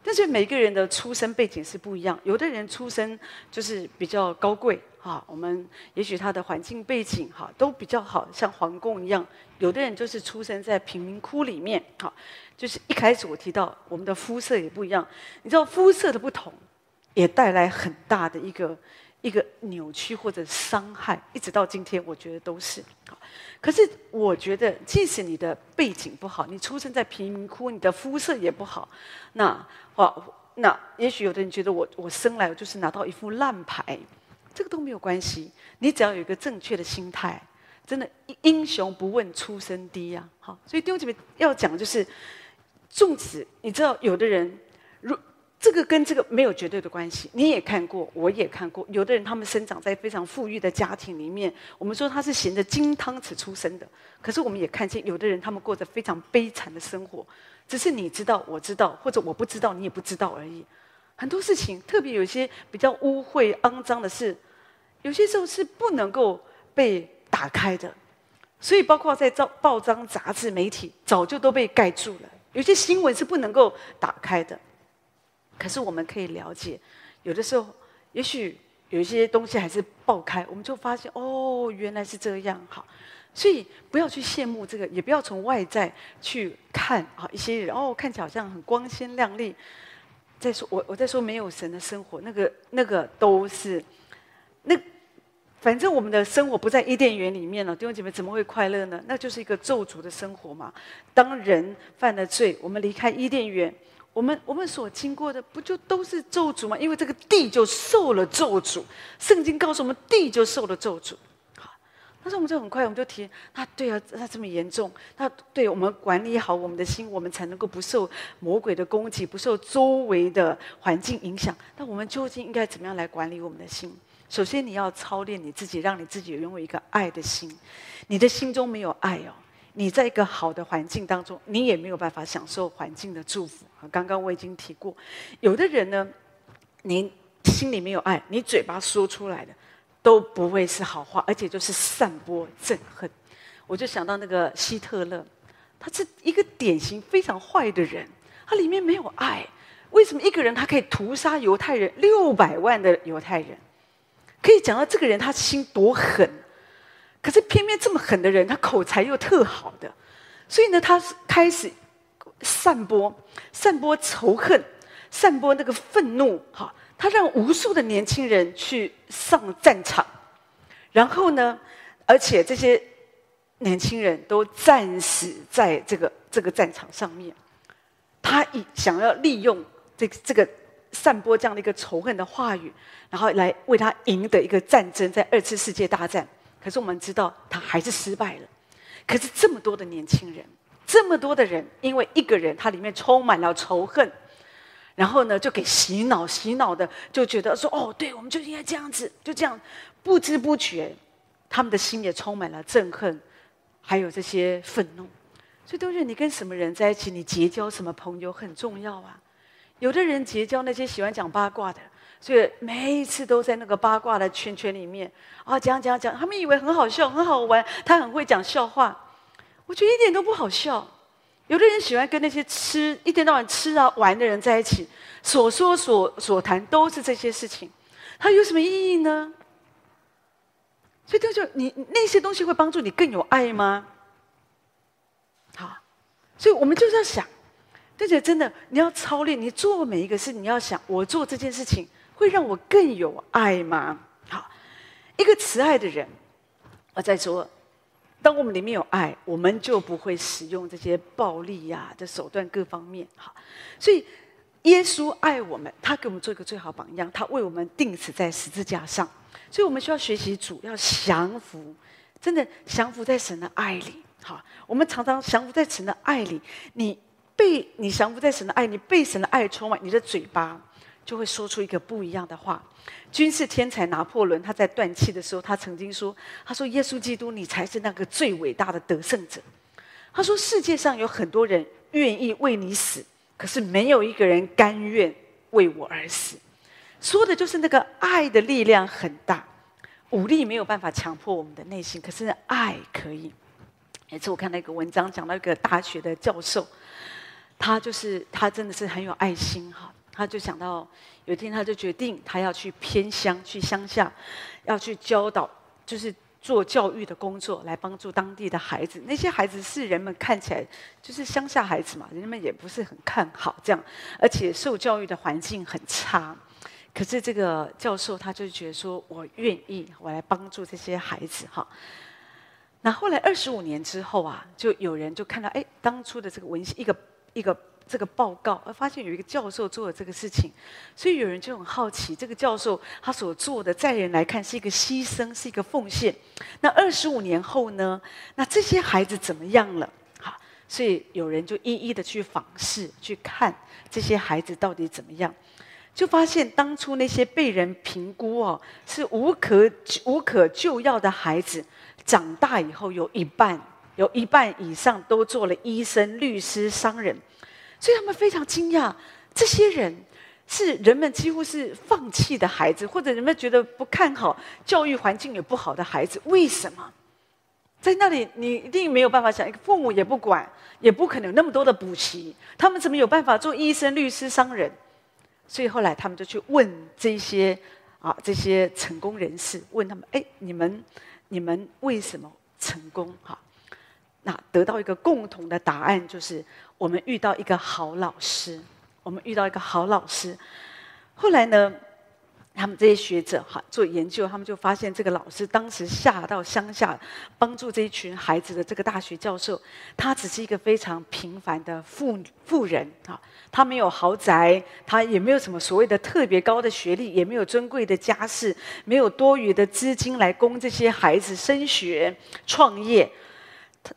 但是每個人的出生背景是不一樣，有的人出生就是比較高貴，哈，我們也許他的環境背景哈都比較好像皇宮一樣；有的人就是出生在貧民窟裡面，哈，就是一開始我提到我們的膚色也不一樣，你知道膚色的不同也帶來很大的一個。一個扭曲或者傷害，一直到今天，我覺得都是。好。可是我覺得，即使你的背景不好，你出生在貧民窟，你的膚色也不好，那好，那也許有的人覺得我我生來就是拿到一副爛牌，這個都沒有關係。你只要有一個正確的心態，真的英雄不問出身低啊。好，所以丟這邊要講的就是縱使你知道，有的人如。這個跟這個沒有絕對的關係。你也看過，我也看過。有的人他們生長在非常富裕的家庭裡面，我們說他是銜着金湯匙出生的。可是我們也看見有的人他們過着非常悲慘的生活。只是你知道，我知道，或者我不知道，你也不知道而已。很多事情，特別有些比較污穢骯髒的事，有些時候是不能夠被打開的。所以，包括在造報章、雜誌、媒體，早就都被蓋住了。有些新聞是不能夠打開的。可是我們可以了解，有的時候，也許有一些東西還是爆開，我們就發現哦，原來是這樣。好，所以不要去羨慕這個，也不要從外在去看啊，一些人哦看起來好像很光鮮亮麗。再說我，我再說沒有神的生活，那個那個都是那，反正我們的生活不在伊甸園裡面了，哦，弟兄姐妹怎麼會快樂呢？那就是一個咒詛的生活嘛。當人犯了罪，我們離開伊甸園。我們我們所經過的不就都是咒詛嗎？因為這個地就受了咒詛。聖經告訴我們，地就受了咒詛。好，但是我們就很快，我們就提啊，那對啊，那這麼嚴重，那對我們管理好我們的心，我們才能夠不受魔鬼的攻擊，不受周圍的環境影響。那我們究竟應該怎麼樣來管理我們的心？首先，你要操練你自己，讓你自己擁有一個愛的心。你的心中沒有愛哦。你在一個好的環境當中，你也沒有辦法享受環境的祝福。剛剛我已經提過，有的人呢，你心裡沒有愛，你嘴巴說出來的都不會是好話，而且就是散播憎恨。我就想到那個希特勒，他是一個典型非常壞的人，他裡面沒有愛。為什麼一個人他可以屠殺猶太人六百萬的猶太人？可以講到這個人他心多狠。可是，偏偏這麼狠的人，他口才又特好的，所以呢，他開始散播、散播仇恨、散播那個憤怒，哈！他讓無數的年輕人去上戰場，然後呢，而且這些年輕人都戰死在這個這個戰場上面。他一想要利用這個、這個散播這樣的一個仇恨的話語，然後來為他贏得一個戰爭，在二次世界大戰。可是我們知道他還是失敗了。可是這麼多的年輕人，這麼多的人，因為一個人，他裡面充滿了仇恨，然後呢，就給洗腦洗腦的，就覺得說哦，對，我們就應該這樣子，就這樣，不知不覺，他們的心也充滿了憎恨，還有這些憤怒。所以都是你跟什麼人在一起，你結交什麼朋友很重要啊。有的人結交那些喜歡講八卦的。所以每一次都在那個八卦的圈圈裡面啊，講講講，他們以為很好笑，很好玩。他很會講笑話，我覺得一點都不好笑。有的人喜歡跟那些吃一天到晚吃啊玩的人在一起，所說所所談都是這些事情，他有什麼意義呢？所以就就你那些東西會幫助你更有愛嗎？好，所以我們就這樣想，而且真的，你要操練，你做每一個事，你要想我做這件事情，會讓我更有愛嗎？好，一個慈愛的人，我再說，當我們裡面有愛，我們就不會使用這些暴力呀、啊、的手段各方面。好，所以耶穌愛我們，他給我們做一個最好榜樣，他為我們釘死在十字架上。所以我們需要學習主，要降服，真的降服在神的愛裡。好，我們常常降服在神的愛裡，你被你降服在神的愛，你被神的愛充滿你的嘴巴。就會說出一個不一樣的話。軍事天才拿破崙他在斷氣的時候，他曾經說：“他說耶穌基督，你才是那個最偉大的得勝者。他說世界上有很多人願意為你死，可是沒有一個人甘願為我而死。”說的就是那個愛的力量很大，武力沒有辦法強迫我們的內心，可是愛可以。每次我看那個文章，講到一個大學的教授，他就是他真的是很有愛心哈。他就想到有一天，他就決定他要去偏鄉，去鄉下，要去教導，就是做教育的工作，來幫助當地的孩子。那些孩子是人們看起來就是鄉下孩子嘛，人們也不是很看好這樣，而且受教育的環境很差。可是這個教授他就覺得說，我願意，我來幫助這些孩子哈。那後來二十五年之後啊，就有人就看到，哎，當初的這個文獻，一個一個。一個這個報告，而發現有一個教授做了這個事情，所以有人就很好奇這個教授他所做的，在人來看是一個犧牲，是一個奉獻。那二十五年後呢？那這些孩子怎麼樣了？好，所以有人就一一的去訪視，去看這些孩子到底怎麼樣，就發現當初那些被人評估哦是無可無可救藥的孩子，長大以後有一半，有一半以上都做了醫生、律師、商人。所以他們非常驚訝，這些人是人們幾乎是放棄的孩子，或者人們覺得不看好、教育環境也不好的孩子，為什麼？在那裡你一定沒有辦法想，父母也不管，也不可能有那麼多的補習，他們怎麼有辦法做醫生、律師、商人？所以後來他們就去問這些啊這些成功人士，問他們：誒，你們你們為什麼成功？哈。那得到一個共同的答案，就是我們遇到一個好老師。我們遇到一個好老師。後來呢，他們這些學者哈做研究，他們就發現這個老師當時下到鄉下幫助這一群孩子的這個大學教授，他只是一個非常平凡的婦女婦人啊，他沒有豪宅，他也沒有什麼所謂的特別高的學歷，也沒有尊貴的家世，沒有多餘的資金來供這些孩子升學、創業。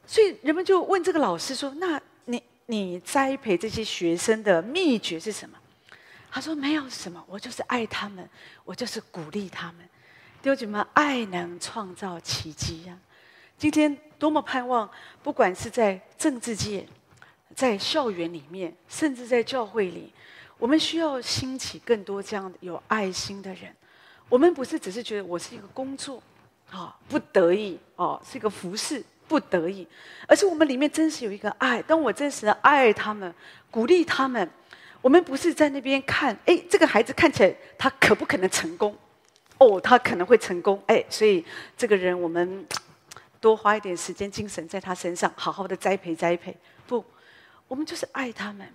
所以人們就問這個老師說：“那你你栽培這些學生的秘訣是什麼？”他說：“沒有什麼，我就是愛他們，我就是鼓勵他們。對”弟兄們，愛能創造奇蹟呀、啊！今天多麼盼望，不管是在政治界、在校園裡面，甚至在教會裡，我們需要興起更多這樣有愛心的人。我們不是只是覺得我是一個工作，啊、哦，不得已，哦，是一個服侍。不得已，而是我們裡面真是有一個愛，當我真實的愛他們，鼓勵他們，我們不是在那邊看，哎，這個孩子看起來他可不可能成功？哦，他可能會成功，哎，所以這個人我們多花一點時間精神在他身上，好好的栽培栽培。不，我們就是愛他們，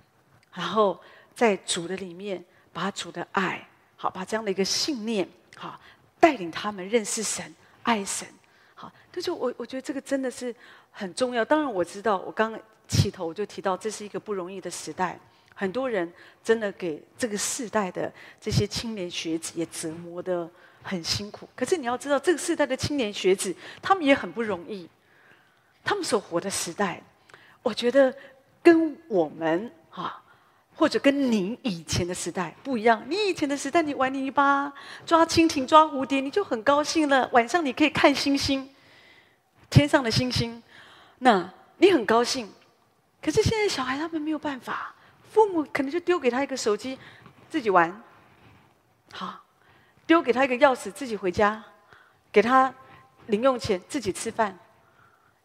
然後在主的裡面把主的愛好，把這樣的一個信念好帶領他們認識神，愛神。好，但是我我覺得這個真的是很重要。當然我知道，我剛起頭我就提到這是一個不容易的時代，很多人真的給這個世代的這些青年學子也折磨得很辛苦。可是你要知道，這個世代的青年學子他們也很不容易，他們所活的時代，我覺得跟我們啊。或者跟你以前的時代不一樣，你以前的時代，你玩泥巴、抓蜻蜓、抓蝴蝶，你就很高興了。晚上你可以看星星，天上的星星，那你很高興。可是現在小孩他們沒有辦法，父母可能就丟給他一個手機，自己玩；好，丟給他一個鑰匙，自己回家；給他零用錢，自己吃飯。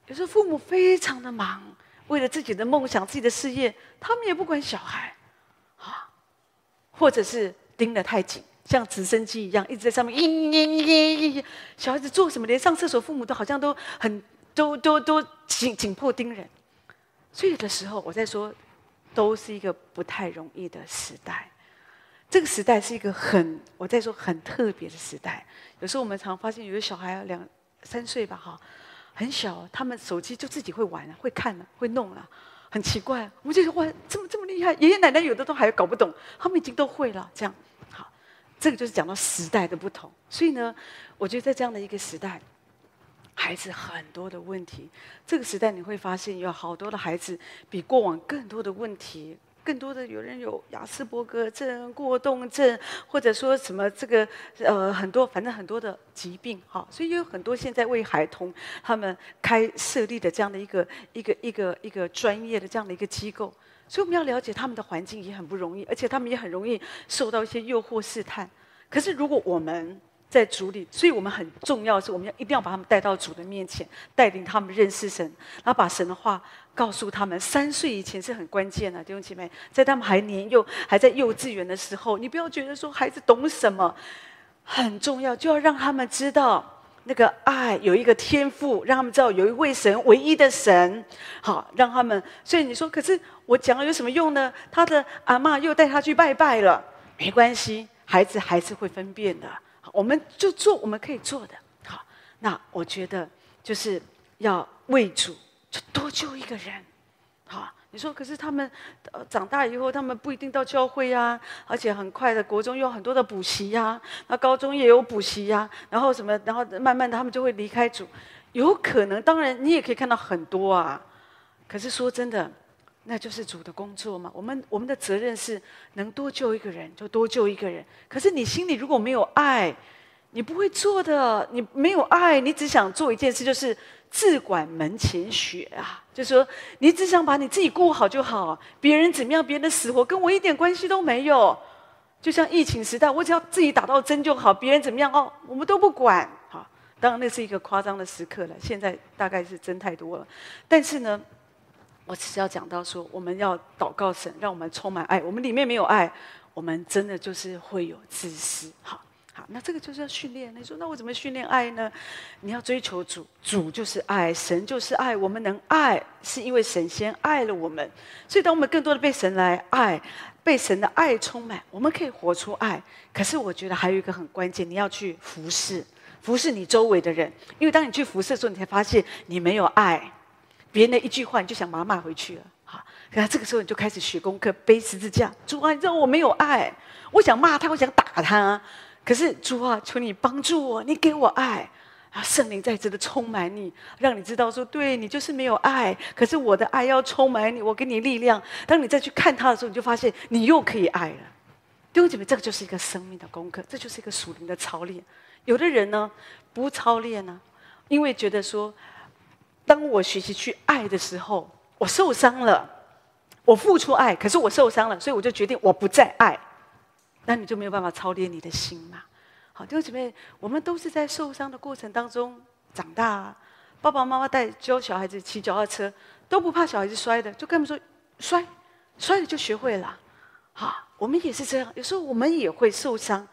有時候父母非常的忙，為了自己的夢想、自己的事業，他們也不管小孩。或者是盯得太緊，像直升機一樣一直在上面。咦咦咦咦！小孩子做什麼，連上廁所，父母都好像都很都都都緊緊迫盯人。所以有的時候我在說，都是一個不太容易的時代。這個時代是一個很我在說很特別的時代。有時候我們常發現，有的小孩兩三歲吧，哈，很小，他們手機就自己會玩了，會看了，會弄了。很奇怪，我就說哇，這麼這麼厲害？爺爺奶奶有的都還搞不懂，他們已經都會了。這樣，好，這個就是講到時代的不同。所以呢，我覺得在這樣的一個時代，孩子很多的問題，這個時代你會發現有好多的孩子比過往更多的問題。更多的有人有亞斯伯格症、過動症，或者說什麼這個呃很多，反正很多的疾病哈、哦，所以也有很多現在為孩童他們開設立的這樣的一個一個一個一個專業的這樣的一個機構，所以我們要了解他們的環境也很不容易，而且他們也很容易受到一些誘惑試探。可是如果我們在主裡，所以，我們很重要的是，我們要一定要把他們帶到主的面前，帶領他們認識神，然後把神的話告訴他們。三歲以前是很關鍵的啊，弟兄姐妹，在他們還年幼，還在幼稚園的時候，你不要覺得說孩子懂什麼，很重要，就要讓他們知道那個愛有一個天父，讓他們知道有一位神，唯一的神。好，讓他們。所以你說，可是我講了有什麼用呢？他的阿嬤又帶他去拜拜了，沒關係，孩子還是會分辨的。我們就做我們可以做的，好。那我覺得就是要為主，就多救一個人，好。你說，可是他們長大以後，他們不一定到教會啊，而且很快的，國中有很多的補習呀、啊，那高中也有補習呀、啊，然後什麼，然後慢慢的他們就會離開主。有可能，當然你也可以看到很多啊，可是說真的。那就是主的工作嘛。我們我們的責任是能多救一個人就多救一個人。可是你心裡如果沒有愛，你不會做的。你沒有愛，你只想做一件事，就是自管門前雪啊。就是說，你只想把你自己顧好就好，別人怎麼樣，別人的死活跟我一點關係都沒有。就像疫情時代，我只要自己打到針就好，別人怎麼樣哦，我們都不管。好，當然那是一個誇張的時刻了。現在大概是針太多了，但是呢。我只是要講到說，我們要禱告神，讓我們充滿愛。我們裡面沒有愛，我們真的就是會有自私。好，好，那這個就是要訓練。你說，那我怎麼訓練愛呢？你要追求主，主就是愛，神就是愛。我們能愛，是因為神先愛了我們。所以，當我們更多的被神來愛，被神的愛充滿，我們可以活出愛。可是，我覺得還有一個很關鍵，你要去服侍，服侍你周圍的人。因為當你去服侍的時候，你才發現你沒有愛。別人的一句話，你就想把它罵回去了。好，這個時候你就開始學功課，背十字架。主啊，你知道我沒有愛，我想罵他，我想打他。可是主啊，求你幫助我，你給我愛啊！聖靈在此地充滿你，讓你知道說，對你就是沒有愛。可是我的愛要充滿你，我給你力量。當你再去看他的時候，你就發現你又可以愛了。弟兄姐妹，這個就是一個生命的功課，這就是一個屬靈的操練。有的人呢，不操練呢，啊，因為覺得說。當我學習去愛的時候，我受傷了，我付出愛，可是我受傷了，所以我就決定我不再愛。那你就沒有辦法操練你的心嘛？好，弟兄姊妹，我們都是在受傷的過程當中長大。爸爸媽媽帶教小孩子騎腳踏車，都不怕小孩子摔的，就根本說摔，摔了就學會了。好，我們也是這樣，有時候我們也會受傷，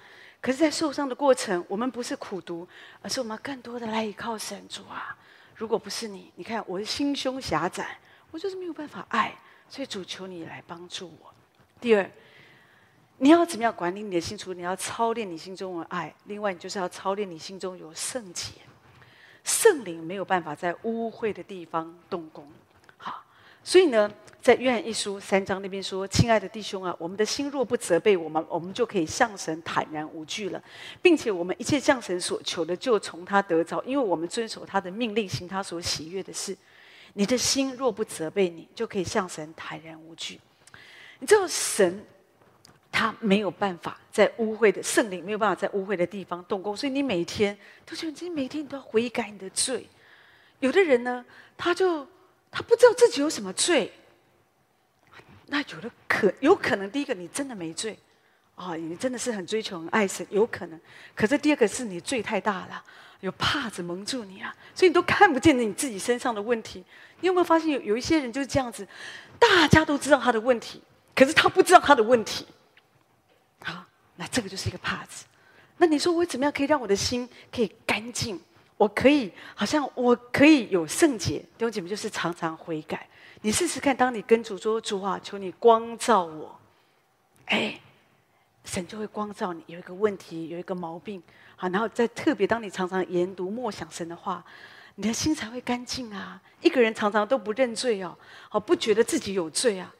可是，在受傷的過程，我們不是苦毒，而是我們更多的來依靠神主啊。如果不是你，你看我的心胸狹窄，我就是沒有辦法愛，所以主求你來幫助我。第二，你要怎麼樣管理你的心，你要操練你心中的愛，另外你就是要操練你心中有聖潔。聖靈沒有辦法在污穢的地方動工，好，所以呢。在約翰一書三章那邊說：“親愛的弟兄啊，我們的心若不責備我們，我們就可以向神坦然無懼了，並且我們一切向神所求的，就從他得着，因為我們遵守他的命令，行他所喜悅的事。你的心若不責備你，就可以向神坦然無懼。你知道神他沒有辦法在污穢的聖靈沒有辦法在污穢的地方動工，所以你每天都覺得你每天都要悔改你的罪。有的人呢，他就他不知道自己有什麼罪。”那有的可有可能，第一個你真的沒罪啊、哦，你真的是很追求、很愛神，有可能。可是第二個是你罪太大了，有帕子蒙住你啊，所以你都看不見你自己身上的問題。你有沒有發現有有一些人就是這樣子？大家都知道他的問題，可是他不知道他的問題。好、啊，那這個就是一個帕子。那你說我怎麼樣可以讓我的心可以乾淨？我可以好像我可以有聖潔？弟兄姐妹就是常常悔改。你試試看，當你跟主說：“主啊，求你光照我。”哎，神就會光照你。有一個問題，有一個毛病，好，然後再特別，當你常常研讀默想神的話，你的心才會乾淨啊。一個人常常都不認罪哦，好，不覺得自己有罪啊。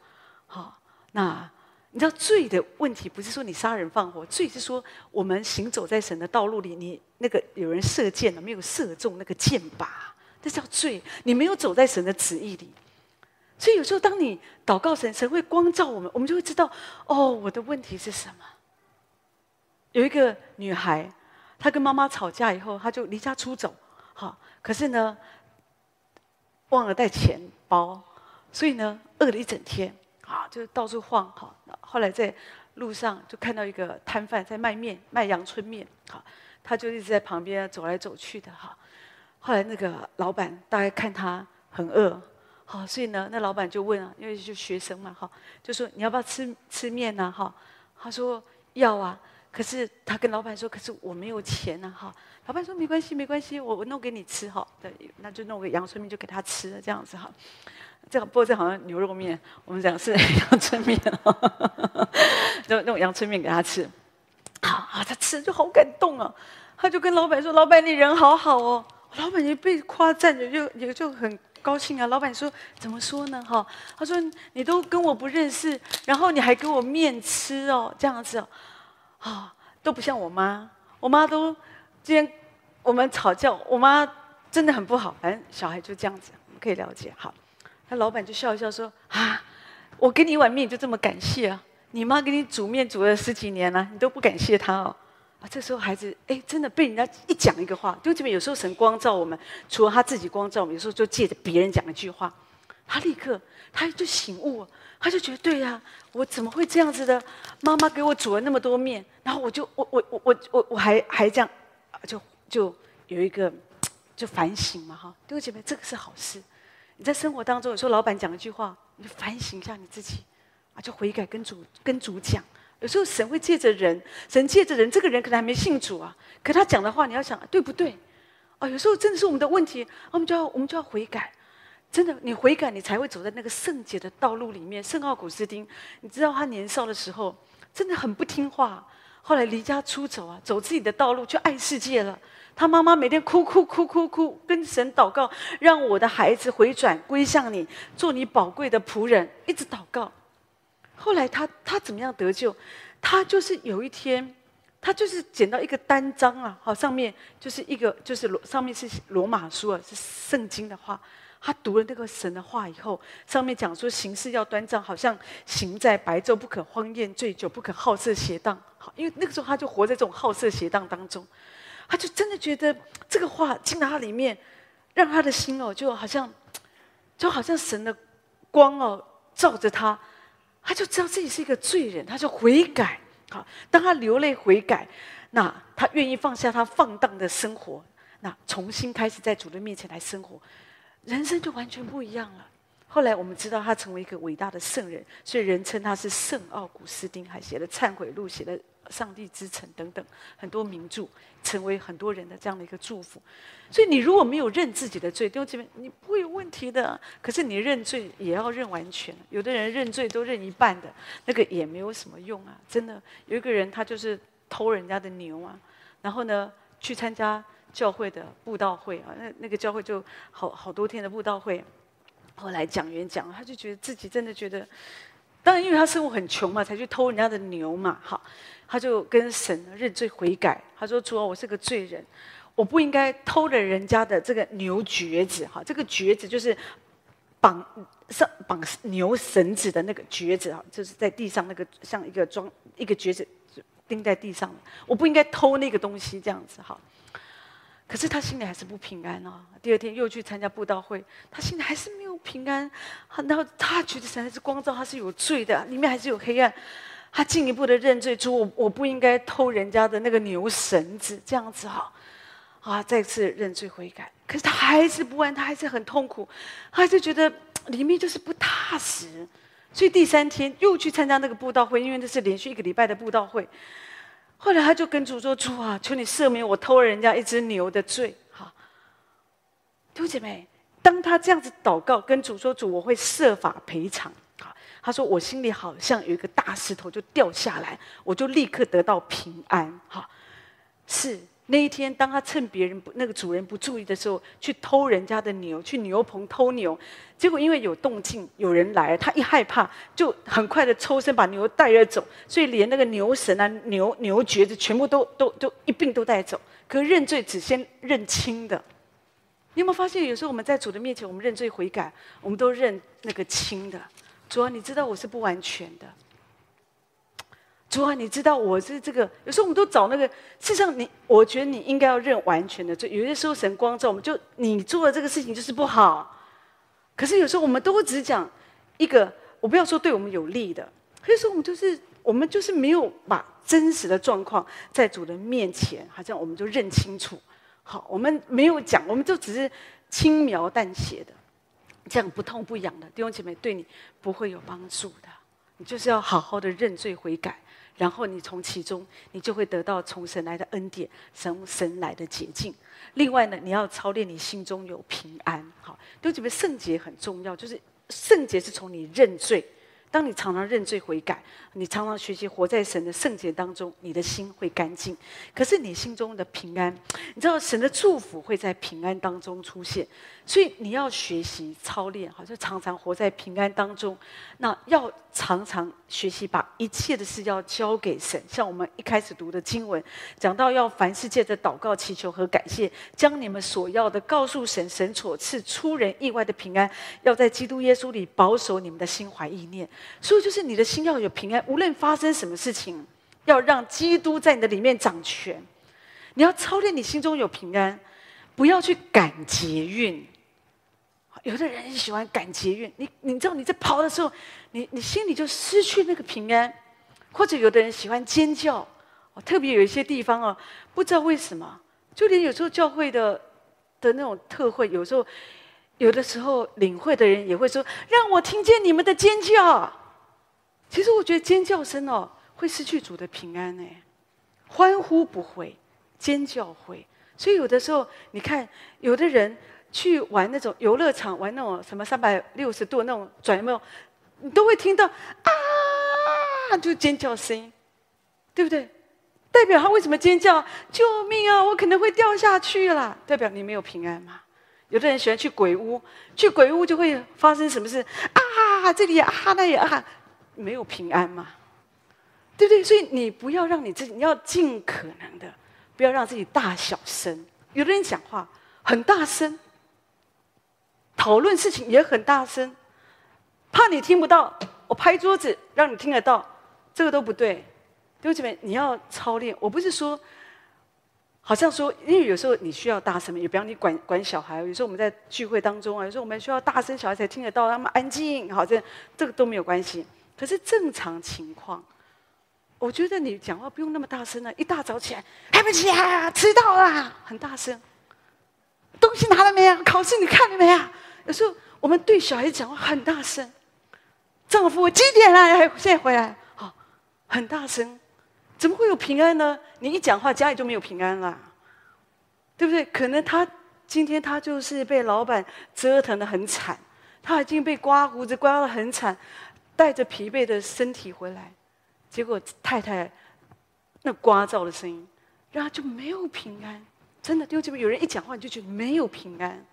好，那你知道罪的問題，不是說你殺人放火，罪是說我們行走在神的道路裡，你那個有人射箭了，沒有射中那個箭靶，這叫罪。你沒有走在神的旨意裡。所以有時候，當你禱告神，神會光照我們，我們就會知道，哦，我的問題是什麼。有一個女孩，她跟媽媽吵架以後，她就離家出走，哈，可是呢，忘了帶錢包，所以呢，餓了一整天，啊，就到處晃，哈，後來在路上就看到一個攤販在賣麵，賣陽春麵，哈，她就一直在旁邊走來走去的，哈，後來那個老闆大概看她很餓。好，所以呢，那老闆就問啊，因為就學生嘛，哈，就說你要不要吃吃面啊？哈，他說要啊，可是他跟老板說，可是我沒有錢啊。哈。老板說沒關係，沒關係，我我弄給你吃，哈，對那就弄個陽春面就給他吃了，這樣子哈。這個不過這好像牛肉麵，我們講是陽春麵，那 [laughs] 那 [laughs] 弄陽春面給他吃，好、啊啊、他吃就好感動啊，他就跟老板說，老板你人好好哦，老板也被誇讚，就就也就很。高興啊！老闆說：“怎麼說呢？哈、哦，他說你都跟我不認識，然後你還給我麵吃哦，這樣子哦，哦都不像我媽。我媽都今天我們吵架，我媽真的很不好。反正小孩就這樣子，我們可以了解。好，那老闆就笑一笑說：啊，我給你一碗麵就這麼感謝啊？你媽給你煮麵煮了十幾年了，啊，你都不感謝她哦。”啊，這時候孩子哎，真的被人家一講一個話，弟兄姐妹有時候神光照我們，除了他自己光照我們，有時候就借着別人講一句話，他立刻他就醒悟了，他就覺得對呀、啊，我怎麼會這樣子的？媽媽給我煮了那麼多麵，然後我就我我我我我我還還這樣，就就有一個就反省嘛哈，弟兄姐妹這個是好事，你在生活當中，有時候老板講一句話，你就反省一下你自己，啊，就悔改跟主跟主講。有時候神會借着人，神借着人，這個人可能還沒信主啊。可他講的話，你要想對不對？哦，有時候真的是我們的問題，我們就要我們就要悔改。真的，你悔改，你才會走在那個聖潔的道路裡面。聖奧古斯丁，你知道他年少的時候真的很不聽話，後來離家出走啊，走自己的道路去愛世界了。他媽媽每天哭哭哭哭哭，跟神禱告，讓我的孩子回轉歸向你，做你寶貴的僕人，一直禱告。後來他他怎麼樣得救？他就是有一天，他就是撿到一個單張啊，好，上面就是一個就是羅上面是羅馬書啊，是聖經的話。他讀了那個神的話以後，上面講說，行事要端正，好像行在白晝，不可荒宴醉酒，不可好色邪蕩。好，因為那個時候他就活在這種好色邪蕩當、當中，他就真的覺得這個話進到他裡面，讓他的心哦就好像就好像神的光哦照着他。他就知道自己是一個罪人，他就悔改。好，當他流淚悔改，那他願意放下他放蕩的生活，那重新開始在主的面前來生活，人生就完全不一樣了。後來我們知道他成為一個偉大的聖人，所以人稱他是聖奧古斯丁，還寫了《懺悔錄》，寫了。《上帝之城》等等，很多名著成為很多人的這樣的一個祝福。所以你如果沒有認自己的罪，對不起，你不會有問題的。可是你認罪也要認完全，有的人認罪都認一半的，那個也沒有什麼用啊！真的，有一個人他就是偷人家的牛啊，然後呢，去參加教會的布道會啊，那那個教會就好好多天的布道會啊，後來講員講，他就覺得自己真的覺得。當然，因為他生活很窮嘛，才去偷人家的牛嘛。哈，他就跟神認罪悔改，他說：“主啊，我是個罪人，我不應該偷了人家的這個牛橛子。哈，這個橛子就是綁上綁牛繩子的那個橛子啊，就是在地上那個像一個樁一個橛子釘在地上，我不應該偷那個東西，這樣子哈。”可是他心裡還是不平安啊、哦。第二天又去參加布道會，他心裡還是沒有平安。然後他覺得神還是光照，他是有罪的，裡面還是有黑暗。他進一步的認罪，說：“我我不應該偷人家的那個牛繩子，這樣子哈、哦、啊！”再次認罪悔改。可是他還是不安，他還是很痛苦，他還是覺得裡面就是不踏實。所以第三天又去參加那個布道會，因為這是連續一個禮拜的布道會。後來他就跟主說：“主啊，求你赦免我偷了人家一隻牛的罪。”哈，弟兄姐妹，當他這樣子禱告，跟主說：“主，我會設法賠償。”哈，他說：“我心裡好像有一個大石頭就掉下來，我就立刻得到平安。”哈，是。那一天，當他趁別人不那個主人不注意的時候，去偷人家的牛，去牛棚偷牛，結果因為有動靜，有人來，他一害怕，就很快的抽身，把牛帶了走，所以連那個牛繩啊、牛牛角子全部都都都一併都帶走。可是認罪只先認輕的，你有沒有發現？有時候我們在主的面前，我們認罪悔改，我們都認那個輕的。主啊，你知道我是不完全的。主啊，你知道我是這個，有時候我們都找那個。事實上你，你我覺得你應該要認完全的罪。有些時候神光照我們就，就你做的這個事情就是不好。可是有時候我們都只講一個，我不要說對我們有利的。可是我們就是我們就是沒有把真實的狀況在主人面前，好像我們就認清楚。好，我們沒有講，我們就只是輕描淡寫的，這樣不痛不癢的，弟兄姐妹，對你不會有幫助的。你就是要好好的認罪悔改。然後你從其中，你就會得到從神來的恩典，神神來的潔淨。另外呢，你要操練你心中有平安，好，都準備聖潔很重要，就是聖潔是從你認罪。當你常常認罪悔改，你常常學習活在神的聖潔當中，你的心會乾淨。可是你心中的平安，你知道神的祝福會在平安當中出現。所以你要學習操練，好，就常常活在平安當中。那要常常學習把一切的事要交給神。像我們一開始讀的經文，講到要凡事借着禱告、祈求和感謝，將你們所要的告訴神，神所賜出人意外的平安，要在基督耶穌裡保守你們的心懷意念。所以，就是你的心要有平安，無論發生什麼事情，要讓基督在你的裡面掌權。你要操練你心中有平安，不要去趕捷運。有的人喜歡趕捷運，你你知道你在跑的時候，你你心裡就失去那個平安。或者有的人喜歡尖叫，特別有一些地方哦、啊，不知道為什麼，就連有時候教會的的那種特會，有時候。有的時候領會的人也會說：“讓我聽見你們的尖叫。”其實我覺得尖叫聲哦，會失去主的平安呢。歡呼不會，尖叫會。所以有的時候，你看有的人去玩那種遊樂場，玩那種什麼三百六十度那種轉悠，有沒有？你都會聽到啊，就尖叫聲，對不對？代表他為什麼尖叫？救命啊！我可能會掉下去啦。代表你沒有平安嗎？有的人喜歡去鬼屋，去鬼屋就會發生什麼事啊？這裡啊，那裡啊，沒有平安嘛，對不對？所以你不要讓你自己，你要盡可能的不要讓自己大小聲。有的人講話很大聲，討論事情也很大聲，怕你聽不到，我拍桌子讓你聽得到，這個都不對，對不對？你你要操練，我不是說，好像說，因為有時候你需要大聲，也不要你管管小孩。有時候我們在聚會當中啊，有時候我們需要大聲，小孩才聽得到。他們安靜，好像這個都沒有關係。可是正常情況，我覺得你講話不用那麼大聲了。一大早起來還不起來啊，遲到啦，很大聲。東西拿了沒有啊？考試你看了沒有啊？有時候我們對小孩講話很大聲。丈夫，我幾點了？現在回來？好，哦，很大聲。怎麼會有平安呢？你一講話，家裡就沒有平安了，對不對？可能他今天他就是被老闆折騰得很慘，他已經被刮鬍子刮得很慘，帶着疲憊的身體回來，結果太太那聒噪的聲音，然後就沒有平安。真的，丟這邊有人一講話，你就覺得沒有平安。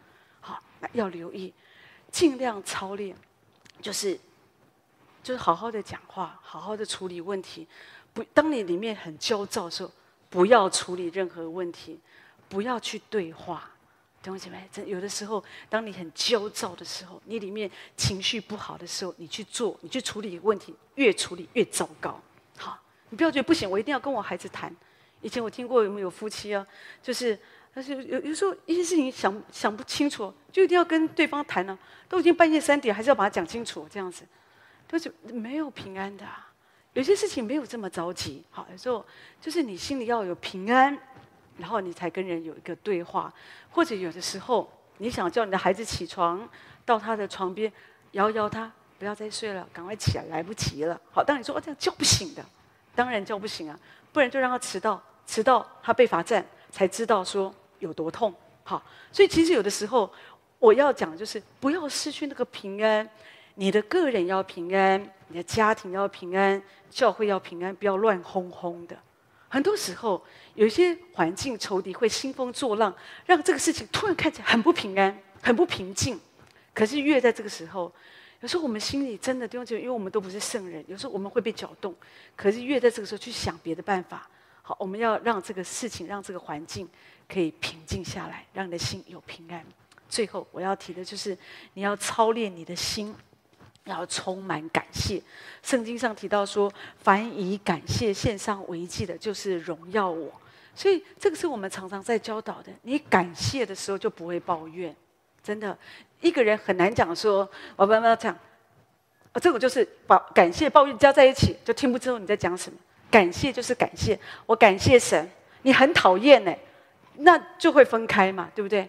好，那要留意，盡量操練，就是就是好好的講話，好好的處理問題。不，當你裡面很焦躁的時候，不要處理任何問題，不要去對話，弟兄姐妹，這有的時候，當你很焦躁的時候，你裡面情緒不好的時候，你去做，你去處理問題，越處理越糟糕。好，你不要覺得不行，我一定要跟我孩子談。以前我聽過有沒有夫妻啊，就是但是有有時候一些事情想想不清楚，就一定要跟對方談呢、啊，都已經半夜三點，還是要把它講清楚這樣子，但是沒有平安的、啊。有些事情沒有這麼着急，好，有時候就是你心裡要有平安，然後你才跟人有一個對話，或者有的時候你想叫你的孩子起床，到他的床邊搖一搖他，不要再睡了，趕快起來，來不及了。好，當你說哦，這樣叫不醒的，當然叫不醒啊，不然就讓他遲到，遲到他被罰站，才知道說有多痛。好，所以其實有的時候我要講的就是不要失去那個平安。你的個人要平安，你的家庭要平安，教會要平安，不要亂哄哄的。很多時候，有一些環境仇敵會興風作浪，讓這個事情突然看起來很不平安、很不平靜。可是越在這個時候，有時候我們心裡真的用這，因為我們都不是聖人，有時候我們會被攪動。可是越在這個時候去想別的辦法，好，我們要讓這個事情、讓這個環境可以平靜下來，讓你的心有平安。最後我要提的就是，你要操練你的心。然後，充滿感謝，聖經上提到說，凡以感謝獻上為祭的，就是榮耀我。所以這個是我們常常在教導的。你感謝的時候就不會抱怨，真的。一個人很難講說，我不要不要這樣、哦。這個就是把感謝抱怨加在一起，就聽不清楚你在講什麼。感謝就是感謝，我感謝神。你很討厭哎，那就會分開嘛，對不對？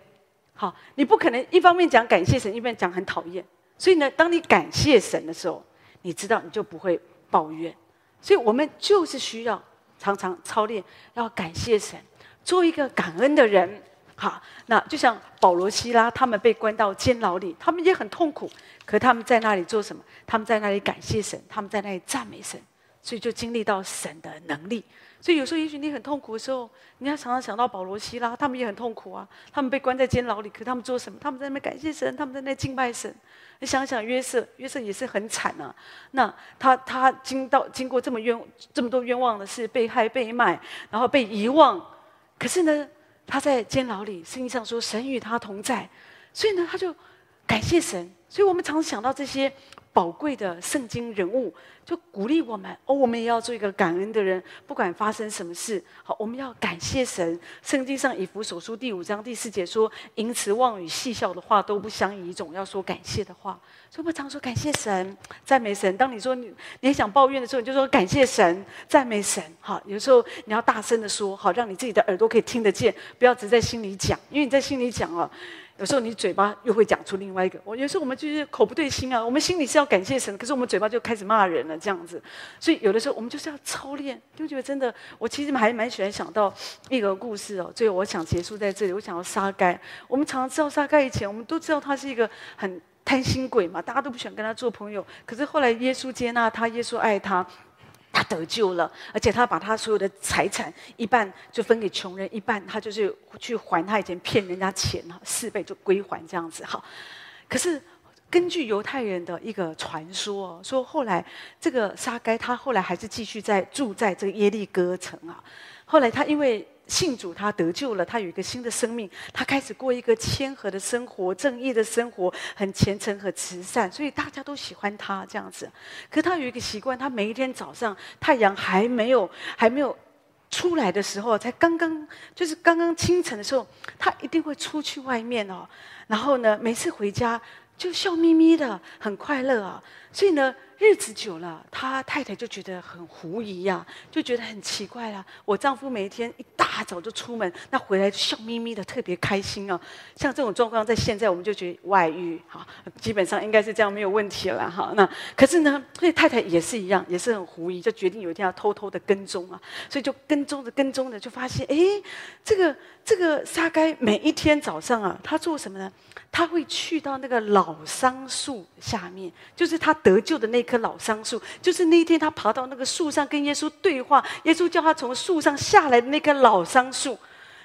好，你不可能一方面講感謝神，一邊講很討厭。所以呢，當你感謝神的時候，你知道你就不會抱怨。所以，我們就是需要常常操練，要感謝神，做一個感恩的人。好，那就像保羅、西拉他們被關到監牢裡，他們也很痛苦，可他們在那裡做什麼？他們在那裡感謝神，他們在那裡讚美神，所以就經歷到神的能力。所以有時候，也許你很痛苦的時候，你要常常想到保羅、西拉，他們也很痛苦啊。他們被關在監牢裡，可他們做什麼？他們在那邊感謝神，他們在那邊敬拜神。你想想約瑟，約瑟也是很慘啊。那他他經到經過這麼冤這麼多冤枉的事，被害被賣，然後被遺忘。可是呢，他在監牢裡，聖經上說神與他同在。所以呢，他就感謝神。所以我們常常想到這些。寶貴的聖經人物就鼓勵我們哦，我們也要做一個感恩的人。不管發生什麼事，好，我們要感謝神。聖經上以弗所書第五章第四節說：“淫詞妄語、戲笑的話都不相宜，總要說感謝的話。”所以我常說感謝神、讚美神。當你說你你很想抱怨的時候，你就說感謝神、讚美神。好，有時候你要大聲的說，好，讓你自己的耳朵可以聽得見，不要只在心裡講，因為你在心裡講了。哦有時候你嘴巴又會講出另外一個，我有時候我們就是口不對心啊，我們心裡是要感謝神，可是我們嘴巴就開始罵人了，這樣子。所以有的時候我們就是要操練，就覺得真的，我其實還蠻喜歡想到一個故事哦。所以我想結束在這裡，我想要撒該。我們常常知道撒該以前，我們都知道他是一個很貪心鬼嘛，大家都不喜歡跟他做朋友。可是後來耶穌接納他，耶穌愛他。他得救了，而且他把他所有的財產一半就分給窮人，一半他就是去還他，他以前騙人家錢哈，四倍就歸還這樣子哈。可是根據猶太人的一個傳說哦，說後來這個撒該他後來還是繼續在住在這個耶利哥城啊。後來他因為。信主，他得救了，他有一個新的生命，他開始過一個謙和的生活、正義的生活，很虔誠和慈善，所以大家都喜歡他這樣子。可他有一個習慣，他每一天早上太陽還沒有還沒有出來的時候，才剛剛就是剛剛清晨的時候，他一定會出去外面哦，然後呢，每次回家就笑眯眯的，很快樂啊，所以呢。日子久了，他太太就覺得很狐疑呀！、啊，就覺得很奇怪了、啊。我丈夫每一天一大早就出門，那回來就笑眯眯的，特別開心哦、啊。像這種狀況，在現在我們就覺得外遇，哈，基本上應該是這樣，沒有問題了，哈。那可是呢，所以太太也是一樣，也是很狐疑，就決定有一天要偷偷的跟蹤啊。所以就跟蹤着跟蹤着，就發現，哎，這個這個沙該每一天早上啊，他做什麼呢？他會去到那個老桑樹下面，就是他得救的那棵老桑樹，就是那一天他爬到那個樹上跟耶穌對話，耶穌叫他從樹上下來的那棵老桑樹，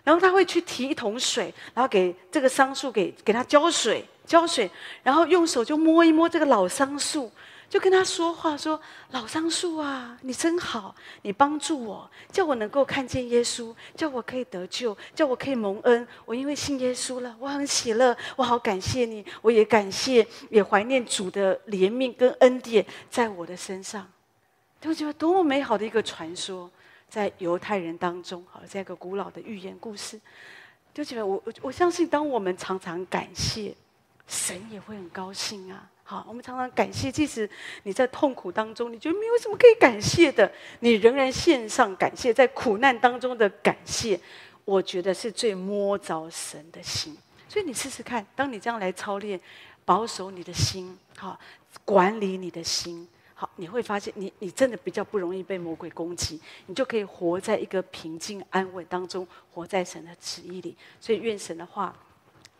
然後他會去提一桶水，然後給這個桑樹給給他澆水，澆水，然後用手就摸一摸這個老桑樹。就跟他說話說，說，老桑樹啊，你真好，你幫助我，叫我能夠看見耶穌，叫我可以得救，叫我可以蒙恩。我因為信耶穌了，我很喜樂，我好感謝你，我也感謝，也懷念主的憐憫跟恩典在我的身上。對不起來，多麼美好的一個傳說，在猶太人當中，好像一個古老的寓言故事。對不起我我相信，當我們常常感謝神，也會很高興啊。好，我們常常感謝，即使你在痛苦當中，你覺得沒有什麼可以感謝的，你仍然獻上感謝。在苦難當中的感謝，我覺得是最摸着神的心。所以你試試看，當你這樣來操練，保守你的心，好，管理你的心，好，你會發現你，你你真的比較不容易被魔鬼攻擊，你就可以活在一個平靜安穩當中，活在神的旨意裡。所以願神的話，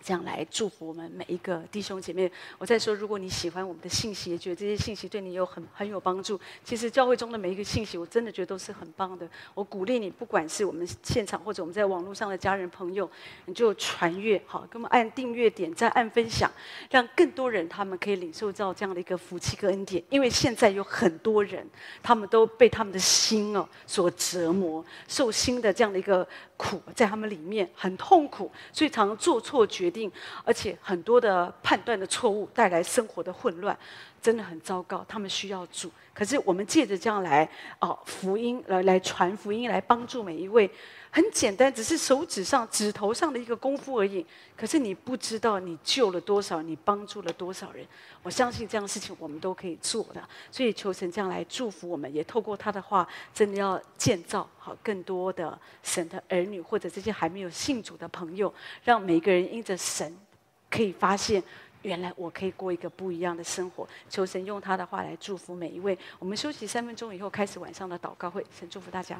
這樣來祝福我們每一個弟兄姐妹。我在說，如果你喜歡我們的信息，也覺得這些信息對你有很很有幫助，其實教會中的每一個信息，我真的覺得都是很棒的。我鼓勵你，不管是我們現場或者我們在網絡上的家人朋友，你就傳閱，好，給我們按訂閱點讚，按分享，讓更多人他們可以領受到這樣的一個福氣跟恩典。因為現在有很多人，他們都被他們的心哦所折磨，受心的這樣的一個。苦在他們裡面很痛苦，最常做錯決定，而且很多的判斷的錯誤帶來生活的混亂，真的很糟糕。他們需要主，可是我們借着這樣來，哦，福音來來傳福音，來幫助每一位。很簡單，只是手指上、指頭上的一個功夫而已。可是你不知道你救了多少，你幫助了多少人。我相信這樣的事情我們都可以做的。所以求神這樣來祝福我們，也透過他的話，真的要建造好更多的神的兒女，或者這些還沒有信主的朋友，讓每個人因着神可以發現，原來我可以過一個不一樣的生活。求神用他的話來祝福每一位。我們休息三分鐘以後開始晚上的禱告會。神祝福大家。